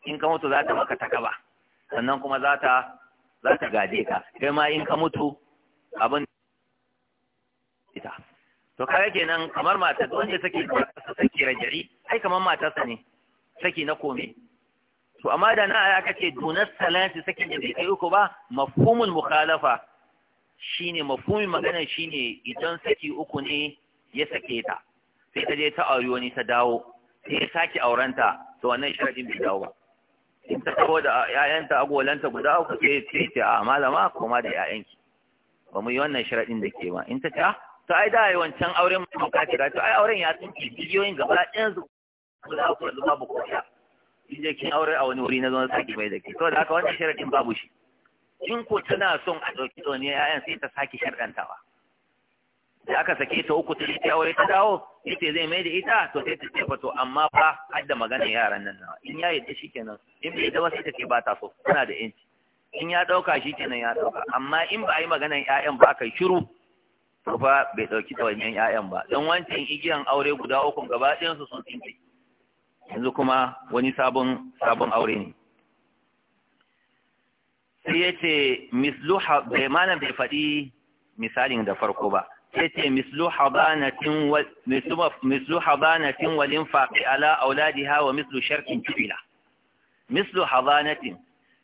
in ka mutu za ta maka ta kaba sannan kuma za ta za ta gaje ka kai ma in ka mutu abin ita to kare kenan kamar matar wanda take saki rajari ai kamar matarsa ne saki na kome to amma da na aka ce dunar salati sakin da bai kai uku ba mafhumul mukhalafa shine mafhumin magana shine idan saki uku ne ya sake ta sai ta je ta aure wani ta dawo sai ya sake aurenta to wannan sharadin bai dawo ba in ta dawo da ƴaƴanta agolanta guda uku sai ta ce a malama kuma da ƴaƴanki ba mu yi wannan sharadin da ke ba in ta ta ah, to ai da ai wancan auren ka kira to ai auren ya tsinci bidiyoyin gaba ɗayan su guda uku da zuma ba ko in je kin aure a wani wuri na zo saki mai da ke da haka wannan sharadin babu shi in ko tana son a ɗauki ɗaune yayan sai ta sake sharɗantawa da aka sake ta uku ta ita aure ta dawo ita zai mai da ita to sai ta ce to amma fa har da magana yaran nan nawa in ya yadda shi kenan in bai da wasu take ce ba ta so tana da yanci in ya ɗauka shi kenan ya ɗauka amma in ba a yi maganar 'ya'yan ba kai shiru to fa bai ɗauki ɗawainiyar 'ya'yan ba don wancan igiyan aure guda uku gaba su sun tsinke yanzu kuma wani sabon sabon aure ne sai ya ce misluha bai mana bai faɗi misalin da farko ba sai ce mislu habanatin walin faɗi ala auladi hawa mislu sharkin tubila mislu habanatin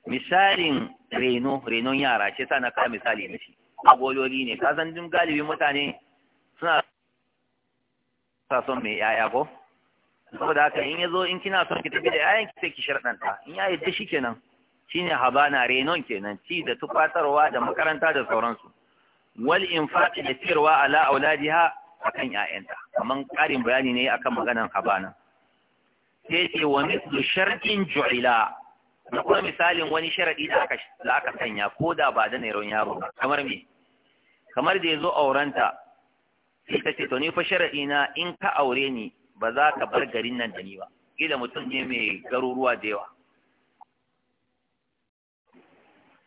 misalin reno renon yara ce sa na ka misali na shi agololi ne kasan dun galibin mutane suna sa son mai yaya ko saboda haka in yazo in kina son ki tafi da yayan ki sai ki sharɗanta in ya yadda shi kenan shine habana renon kenan ci da tufatarwa da makaranta da sauransu wal infaqi da sirwa ala auladiha akan 'ya'yanta, kaman ƙarin bayani ne akan maganan habana sai ce wa mithlu shartin ju'ila da kuma misalin wani sharadi da aka da aka sanya ko da ba da nairon yaro kamar me kamar da yazo aurenta sai ta ce to ni fa sharadi na in ka aure ni ba za ka bar garin nan da ni ba kila mutum ne mai garuruwa da yawa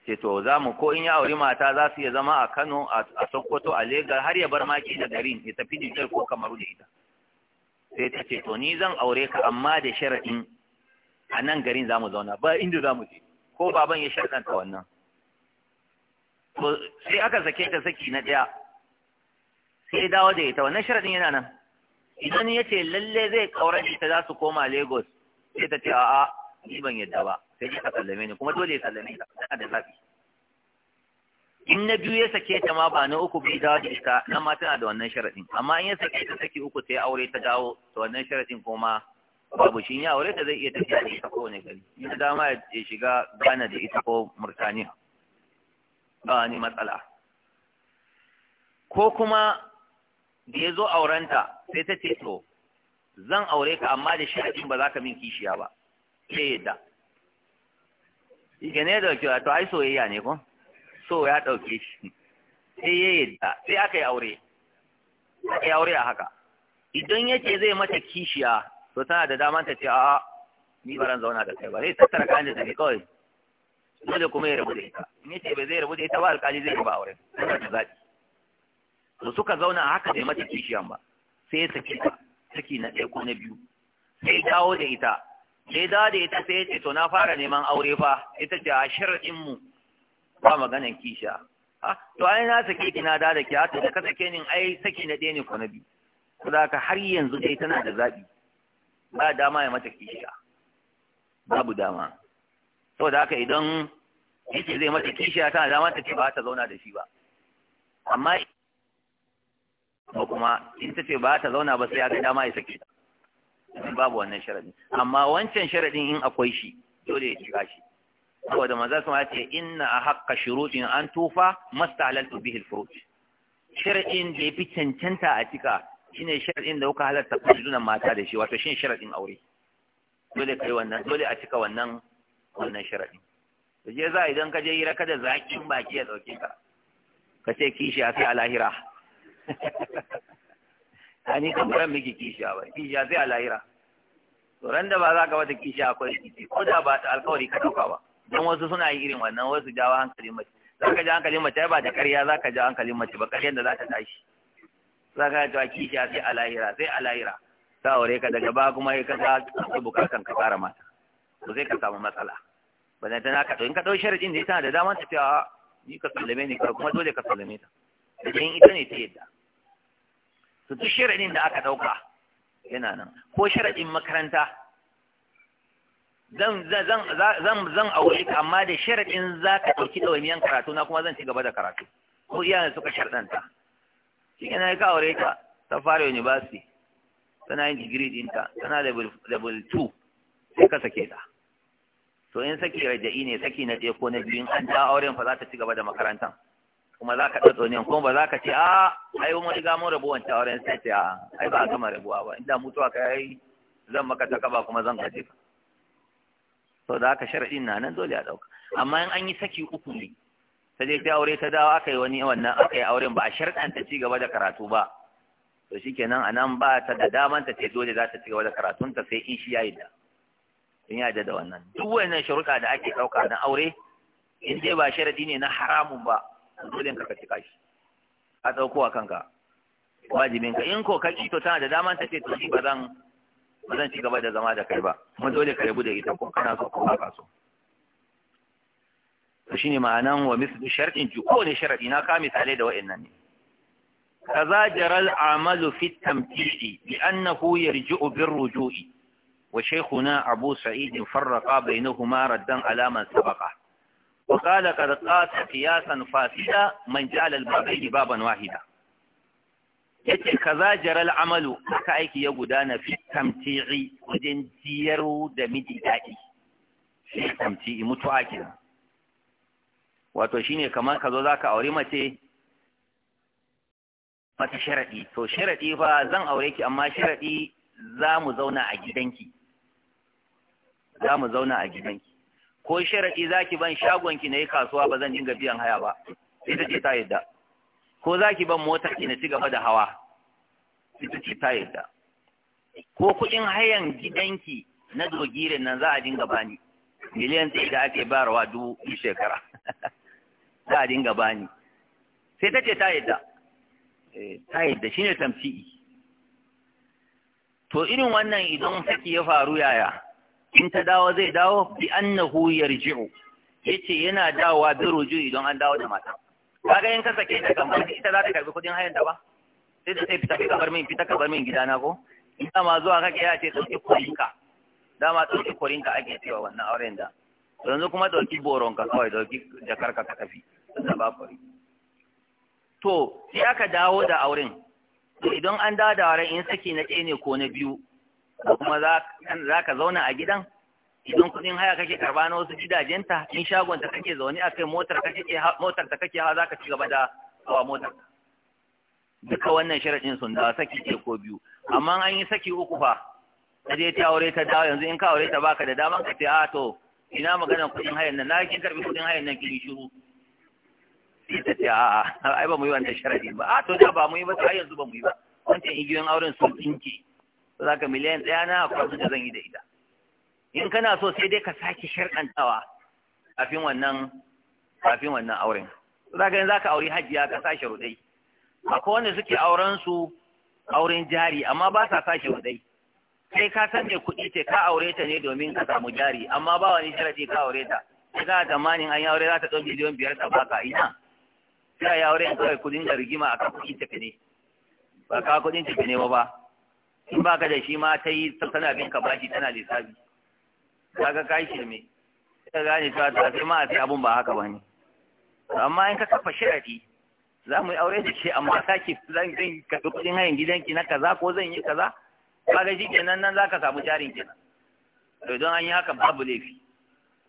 sai to za mu ko in ya auri mata za su iya zama a Kano a Sokoto a Lagos har ya bar maki da garin ya tafi Nijar ko Kamaru da ita sai ta ce to ni zan aure ka amma da sharaɗin a nan garin za mu zauna ba inda za mu je ko baban ya sharɗanta wannan sai aka sake ta saki na ɗaya sai dawo da ita wannan sharaɗin yana nan idan ya ce lalle zai kaura da ita za su koma lagos sai ta ce a'a ni ban yadda ba sai ka sallame ni kuma dole ya sallame ta tana da zafi in na biyu ya sake ta ma ba na uku bai dawo da ita nan ma tana da wannan sharaɗin amma in ya sake ta saki uku sai aure ta dawo da wannan sharaɗin kuma babu shi ya aure ta zai iya tafiya da ita kowane gari in ta dama ya shiga Ghana da ita ko Murtaniya ba ni matsala ko kuma da ya zo aurenta sai ta ce to zan aure ka amma da shaɗin ba za ka min kishiya ba sai yadda ike ne da kyau to ai soyayya ne ko so ya ɗauke shi sai ya yadda sai aka yi aure aka yi aure a haka idan ya ce zai mata kishiya to tana da daman ta ce a'a ni baran zauna da kai ba sai tattara kayan da tafi kawai dole kuma ya rabu da ita in ya ce bai zai rabu da ita ba alƙali zai ba aure tana zaɓi da suka zauna a haka bai mata kishiyan ba sai ya saki ta saki na ɗaya ko na biyu sai dawo da ita sai dawo da ita sai ya ce to na fara neman aure fa ita ce a shirin mu ba maganan kishiya ah, to ai na saki ki na da da ki ah, to da ka sake ni ai saki na ɗaya ne ko na biyu da ka har yanzu dai tana da zaɓi ba dama ya mata kishiya babu dama saboda haka idan yake zai mata kishiya tana dama ta ce ba ta zauna da shi ba amma ko kuma in ta ce ba ta zauna ba sai ya ga dama ya sake ta babu wannan sharadin amma wancan sharadin in akwai shi dole ya shiga shi saboda manzo sun ce inna ahqqa shurutin an tufa mastahalaltu bihi al-furuj sharadin da yafi cancanta a cika shine sharadin da kuka halarta juna mata da shi wato shine sharadin aure dole kai wannan dole a cika wannan wannan sharadin Kaje je za idan ka je hira kada zakin baki ya dauke ka ka ce kishi a sai a lahira a ni kan miki kishiya ba kishiya sai a lahira to ran da ba za ka wata kishiya akwai kishi ko da ba ta alkawari ka dauka ba don wasu suna yin irin wannan wasu jawo hankalin mace za ka ja hankalin mace ba da karya za ka ja hankalin mace ba karyar da za ta tashi za ka ta kishiya sai a lahira sai a lahira ta aure ka daga ba kuma ka ga akwai bukatan ka fara mata to sai ka samu matsala ba na tana ka to in ka dau sharadin da ita da daman ta cewa ni ka sallame ni ka kuma dole ka sallame ta idan ita ne ta yadda su duk sharaɗin da aka ɗauka yana nan ko sharaɗin makaranta zan zan zan aure ka amma da sharaɗin za ka ɗauki ɗawainiyar karatu na kuma zan ci gaba da karatu ko iyayen suka sharɗanta shi ne ka aure ka ta fara university tana yin digiri ɗinta tana level 2 sai ka sake ta to in saki raja'i ne saki na ɗaya ko na biyu an ta auren fa za ta ci gaba da makarantar kuma za ka ɗatso ne kuma ba za ka ce a ai kuma riga mun rabuwan wancan sai ce a ai ba a gama rabuwa ba inda mutuwa ka yi zan maka ta kaba kuma zan gaje ka to da haka sharaɗin na nan dole a ɗauka amma in an yi saki uku ne ta je ta aure ta dawo aka yi wani wannan aka yi auren ba a ta ci gaba da karatu ba to shikenan a nan ba ta da daman ta ce dole za ta ci gaba da karatunta sai in shi ya yi da in ya da wannan duk wannan sharuɗa da ake ɗauka na aure in dai ba sharadi ne na haramun ba dole ka ka cika shi ka dauko a kanka wajibin ka in ko ka ki to tana da daman ta ce to shi ba zan ba zan ci gaba da zama da kai ba kuma dole ka rabu da ita ko kana so ko ba so to shine ma'anan wa mislu shar'in ju ko ne sharadi na ka misalai da wa'annan ne kaza jaral amalu fi tamtidi bi annahu yarji'u bir ruju'i wa shaykhuna abu sa'id farraqa bainahuma raddan alaman sabaqa وقال قد قاس قياسا فاسدا من جعل البابين بابا واحدا yace kaza jaral amalu haka aiki ya gudana fi tamti'i wajen jiyaro da miji daɗi fi tamti'i mutuwa kenan wato shine kamar ka zo ka aure mace mata sharaɗi to sharaɗi fa zan aure ki amma sharaɗi za mu zauna a gidanki za mu zauna a gidanki ko sharaɗi za ki ban ki na yi kasuwa ba zan dinga biyan haya ba ita ce ta yadda ko za ki ban mota ki na ci gaba da hawa ita ce ta yadda ko kuɗin hayan gidanki na dogirin nan za a dinga bani miliyan ɗaya da ake bayarwa dubu shekara za a dinga bani sai ta ce ta yadda eh, ta yadda shine tamfi'i to irin wannan idan saki ya faru yaya in ta dawo zai dawo bi annahu yarji'u yace yana dawowa bi ruju'i don an dawo da mata kaga in ka sake ta kamar ita za ta karbi kudin hayan da ba sai da sai fita ka bar min fita ka bar min gidana ko ta ma zuwa kake ya ce dauki kurinka dama dauki kurinka ake cewa wannan auren da yanzu kuma dauki ka kawai dauki jakar ka ka tafi da ba kuri to sai aka dawo da auren idan an dawo da auren in saki na ɗaya ne ko na biyu da kuma za ka zauna a gidan idan kudin haya kake karba na wasu gidajenta in shagon ta kake zaune a kai motar ta kake hawa za ka ci gaba da hawa motar duka wannan sharaɗin sun dawa saki ce ko biyu amma an yi saki uku fa ta je ta aure ta dawo yanzu in ka aure ta baka da daman ka ce a to ina maganar kudin hayan nan na kin karbi kudin hayan nan kin shiru sai ta ce a'a ai ba mu yi wannan sharaɗi ba a to da ba mu yi ba sai yanzu ba mu yi ba wancan igiyoyin auren sun tsinke za ka miliyan ɗaya na akwai da zan yi da ita in kana so sai dai ka sake sharɗantawa kafin wannan kafin wannan auren za ka yin za ka auri hajiya ka sa rudai akwai wanda suke auren su auren jari amma ba sa sa rudai sai ka san da kuɗi ce ka aure ta ne domin ka samu jari amma ba wani sharadi ka aure ta sai ka tamanin an yi aure za ta ɗau miliyan biyar ta baka ina sai a yi aure in kawai kuɗin da rigima a kan kuɗin ta ne ba ka kuɗin ta ne ba ba in ba ka da shi ma ta yi tana bin ka bashi tana lissafi ka ga ka yi shirme ka gane cewa ta sai ma a sai abun ba haka ba ne amma in ka kafa shirafi za mu yi aure da shi amma ke zan zan karɓi kudin hayan gidanki na kaza ko zan yi kaza ka ga shi kenan nan za ka samu jarin kenan to don an yi haka babu laifi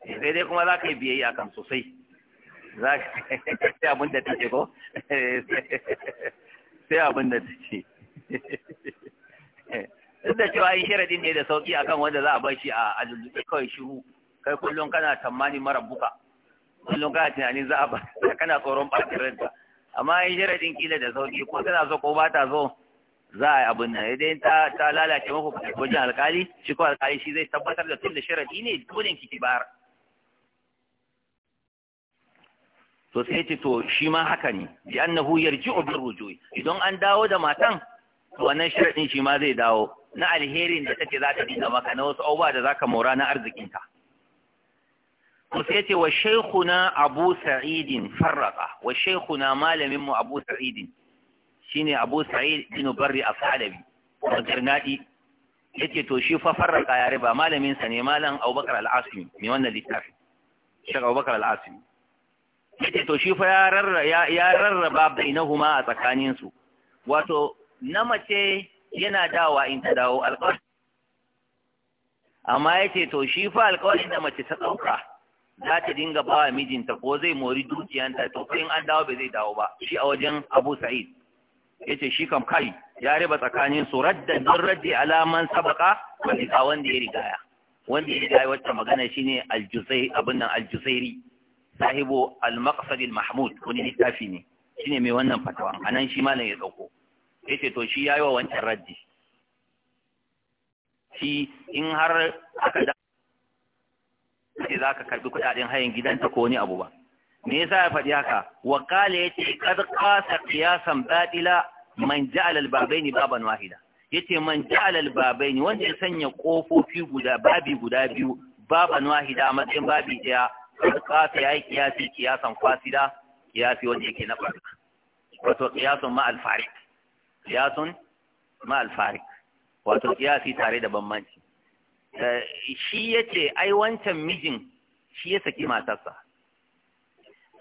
sai dai kuma za ka yi biyayya kan sosai za ka sai abin da ta ce ko sai abin da ta ce Eh, duk da cewa yin sharadin ne da sauki akan wanda za a bar shi a lullube kawai shiru kai kullum kana tamani mara buka kullum kana tunanin za a ba kana tsoron ɓacin ranta amma yin sharadin kila da sauki ko tana so ko ba ta so za a yi abin nan idan ta ta lalace maku wajen alkali shi ko alkali shi zai tabbatar da tun da sharadi ne dole kiki bayar to sai ce to shi ma haka ne bi annahu yarji'u bir ruju'i idan an dawo da matan wannan sharaɗin shi ma zai dawo na alherin da take za ta dinga maka na wasu abubuwa da za ka mora na arzikinka. to sai ce wa shaikhuna abu sa'idin farraka wa shaikhuna malamin mu abu sa'idin shine abu sa'id bin barri as-salabi wa garnadi yace to shi fa farraka ya riba malamin sa ne malam abubakar al-asimi mai wannan littafi shi abubakar al-asimi yace to shi fa ya rarraba ya rarraba bainahuma a tsakaninsu wato na mace yana dawa in ta dawo alƙawari amma ya ce to shi fa alƙawarin da mace ta ɗauka za ta dinga ba wa mijinta ko zai mori dukiyanta to in an dawo bai zai dawo ba shi a wajen abu sa'id ya ce shi kam kai ya riba tsakanin su radda don raddi alaman sabaka wani ka wanda ya rigaya wanda ya rigaya wacce magana shine ne abin nan aljusairi sahibu al-maqsadil mahmud wani littafi ne shine mai wannan fatawa anan shi malam ya dauko yace to shi yayi wa wancan raddi shi in har aka da sai zaka karbi kudaden hayan gidanta ko wani abu ba me yasa ya faɗi haka wa qala yace qad qasa qiyasan batila man ja'ala al-babaini baban wahida yace man ja'ala al-babaini wanda ya sanya kofofi guda babi guda biyu baban wahida a matsayin babi daya qad qasa yayi qiyasi qiyasan fasida qiyasi wanda yake na farka wato qiyasun ma al farid Kiyasun ma alfarik, wato kiyasi tare da bambanci eh, shi yace ai wancan mijin shi ya saki matarsa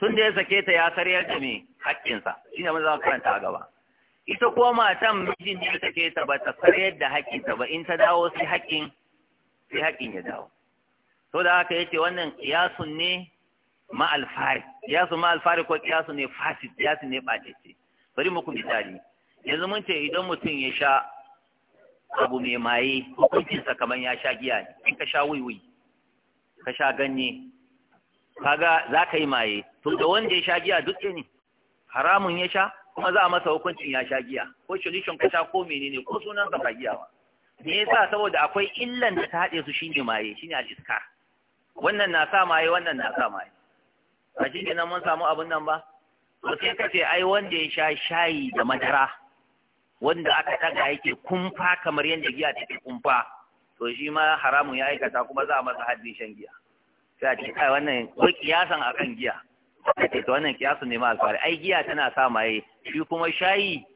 tun da ya sake ta ya karyar da me haƙƙinsa shi ne za karanta a gaba ita ko matan mijin ne take ta ba ta karyar da haƙƙinsa ba in ta dawo sai haƙƙin sai haƙƙin ya dawo to da haka yace wannan kiyasun ne ma alfari kiyasun ma alfari ko kiyasun ne fasid kiyasun ne ce bari muku misali yanzu mun ce idan mutum ya sha abu mai maye hukuncinsa kamar ya sha giya ne in ka sha wuiwui ka sha ganye kaga za ka yi maye to da wanda ya sha giya duk ne haramun ya sha kuma za a masa hukuncin ya sha giya ko solution ka sha ko menene ko sunan ka giya ba me yasa saboda akwai illan da ta haɗe su shine maye shine al'iska wannan na sa maye wannan na sa maye ba shi kenan mun samu abin nan ba to sai ka ce ai wanda ya sha shayi da madara wanda aka ɗaga yake kumfa kamar yadda giya take kumfa to shi ma haramun ya aikata kuma za a masa haddin shan giya sai a ce kai wannan ko kiyasan akan giya sai to wannan kiyasun ne ma alfari ai giya tana sa maye shi kuma shayi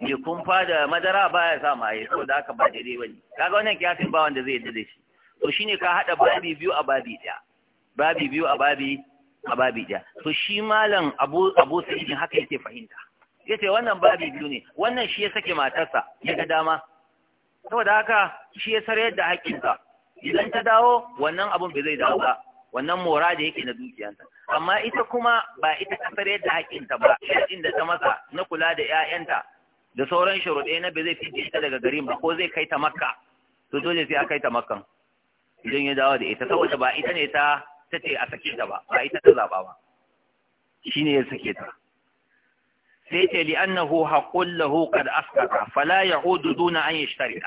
mai kumfa da madara baya sa maye ko da aka ba daidai wani kaga wannan kiyasin ba wanda zai yarda da shi to shine ka hada babi biyu a babi daya babi biyu a babi a babi daya to shi malam Abu Abu sai haka yake fahimta ce wannan babi biyu ne wannan shi ya sake matarsa ya ga dama saboda haka shi ya sarayar da haƙƙinsa idan ta dawo wannan abun bai zai dawo ba wannan mora da yake na dukiyanta amma ita kuma ba ita ta sarayar da haƙƙinta ba shaɗin da ta masa na kula da 'ya'yanta da sauran sharuɗe na bai zai fice ta daga garin ba ko zai kai ta makka to dole sai a kai ta makkan idan ya dawo da ita saboda ba ita ne ta ta ce a sake ta ba ba ita ta zaɓa ba shine ya sake ta sai ce li'annahu haqqul lahu qad asqata fala ya'udu duna an li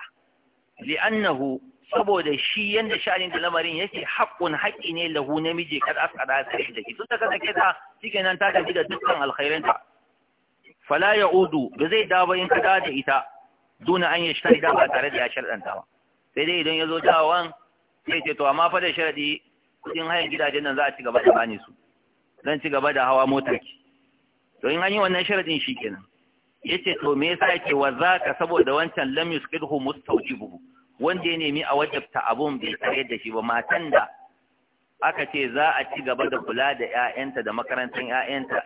li'annahu saboda shi yadda sha'anin da lamarin yake haƙƙun haƙƙi ne lahu namiji kad asqata sai da ki tunda daga take ta nan ta gaji da dukkan ta fala ya'udu ba zai dawo in kada da ita duna an da ba tare da ya sharɗanta ba sai dai idan ya zo ta sai ce to amma fa da sharadi kudin hayan gidajen nan za a ci gaba da bani su zan ci gaba da hawa motarki to in an yi wannan sharadin shi kenan yace to me yasa yake wa ka saboda wancan lam yusqidhu mustawjibu wanda ya nemi a wajabta abun bai tare da shi ba matan da aka ce za a ci gaba da kula da ƴaƴanta da makarantar ƴaƴanta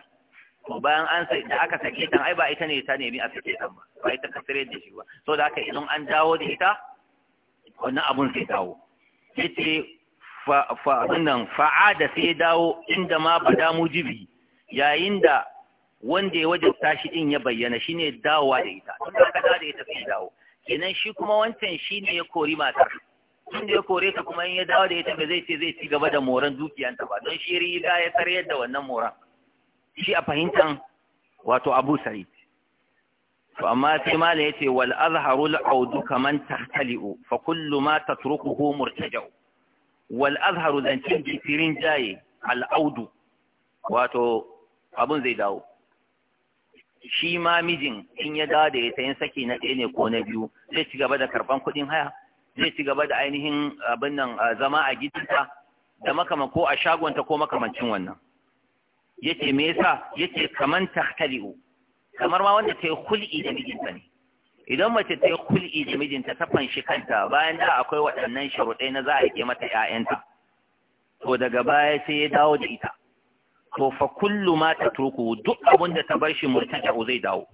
to bayan an sai da aka sake ta ai ba ita ne ta nemi a sake ta ba ba ita ka tare da shi ba so da haka idan an dawo da ita wannan abun sai dawo yace fa fa nan fa'ada sai dawo inda ma bada mujibi yayin da wanda ya wajen tashi din ya bayyana shine dawowa da ita in ka da ita sai dawo kenan shi kuma wancan shine ya kori matar tun da ya kore ta kuma in ya dawo da ita ba zai ce zai ci gaba da moran dukiyanta ba don shi riga ya karyar da wannan moran shi a fahimtan wato Abu Sa'id to amma sai mala yace wal azharu al audu kaman tahtali'u fa kullu ma tatrukuhu murtaja'u wal azharu zancin jifirin jaye al audu wato abun zai dawo shi ma mijin in ya dawo da ita yin saki na ɗaya ne ko na biyu zai ci gaba da karɓan kuɗin haya zai ci gaba da ainihin abin nan zama a gidanta da makama ko a shagonta ko makamancin wannan yace me yasa yace kaman tahtali'u kamar ma wanda ta yi hul'i da mijinta ne idan mace ta yi hul'i da mijinta ta fanshi kanta bayan da akwai waɗannan sharuɗai na za a yi mata 'ya'yanta to daga baya sai ya dawo da ita to fa kullu ma tatruku duk abin da ta bar shi murtaja zai dawo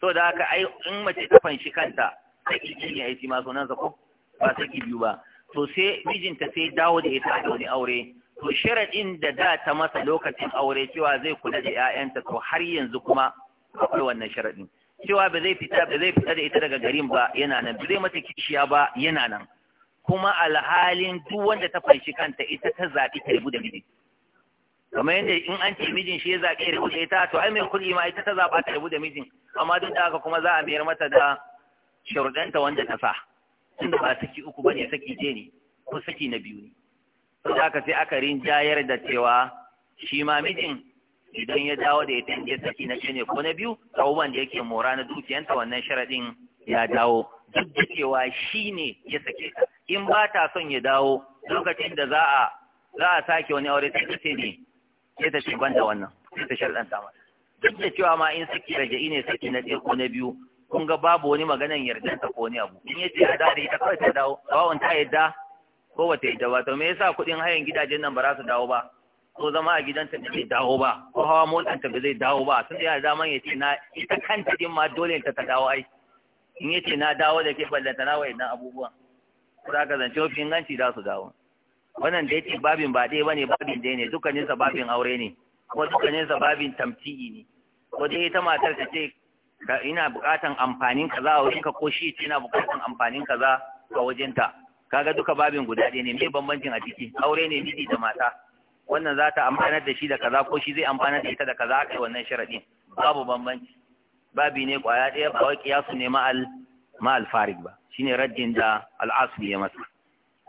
to da haka ai in mace ta fanshi kanta saki biyu ne ai shi ma sunan sa ko ba ki biyu ba to sai mijinta sai dawo da ita da wani aure to sharadin da da ta masa lokacin aure cewa zai kula da ƴaƴanta to har yanzu kuma akwai wannan sharadin cewa ba zai fita ba zai fita da ita daga garin ba yana nan ba zai mata kishiya ba yana nan kuma alhalin duk wanda ta fanshi kanta ita ta zaɓi ta rubu da miji kamar yadda in an ce mijin shi ya zaɓe ya rubuta ita to ai mai kuɗi ma ita ta zaɓa ta rubuta mijin amma duk da haka kuma za a mayar mata da shirɗanta wanda ta sa tunda ba saki uku ba ne saki je ne ko saki na biyu ne to da haka sai aka rinjayar da cewa shi ma mijin idan ya dawo da ita ya saki na ne ko na biyu abubuwan da yake mora na dukiyanta wannan sharaɗin ya dawo duk da cewa shi ne ya sake ta in ba ta son ya dawo lokacin da za a za a sake wani aure sai ta ce ne sai ta ce banda wannan sai ta sharɗanta ma duk da cewa ma in saki raja'i ne saki na ɗaya ko na biyu kun ga babu wani maganan yarda ta ko wani abu in ya ce a da ita kawai ta dawo bawon ta yadda ko wata yadda ba to me yasa kuɗin hayan gidajen nan ba za su dawo ba ko zama a gidanta da zai dawo ba ko hawa motsanta ba zai dawo ba tun yana daman ya ce na ita kanta din ma dole ta ta dawo ai in ya ce na dawo da ke ballanta na wa'annan abubuwan ko za ka zance mafi inganci za su dawo wannan da ce babin ba dai bane babin dai ne dukkanin sa babin aure ne ko dukkanin sa babin tamti'i ne ko dai ita matar ta ce ina bukatan amfanin kaza a wajenka ko shi ce ina bukatan amfanin kaza a wajenta kaga duka babin guda ɗaya ne me bambancin a ciki aure ne miji da mata wannan za ta amfanar da shi da kaza ko shi zai amfanar da ita da kaza aka wannan sharaɗi. babu bambanci babi ne kwaya ɗaya ba wai kiyasu ne ma'al ma'al farig ba shine raddin da al'asu ya masa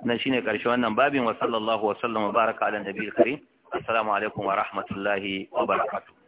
nan shine karshe wannan babin wa sallallahu wa sallama baraka ala nabiyil karim assalamu alaikum wa rahmatullahi wa barakatuh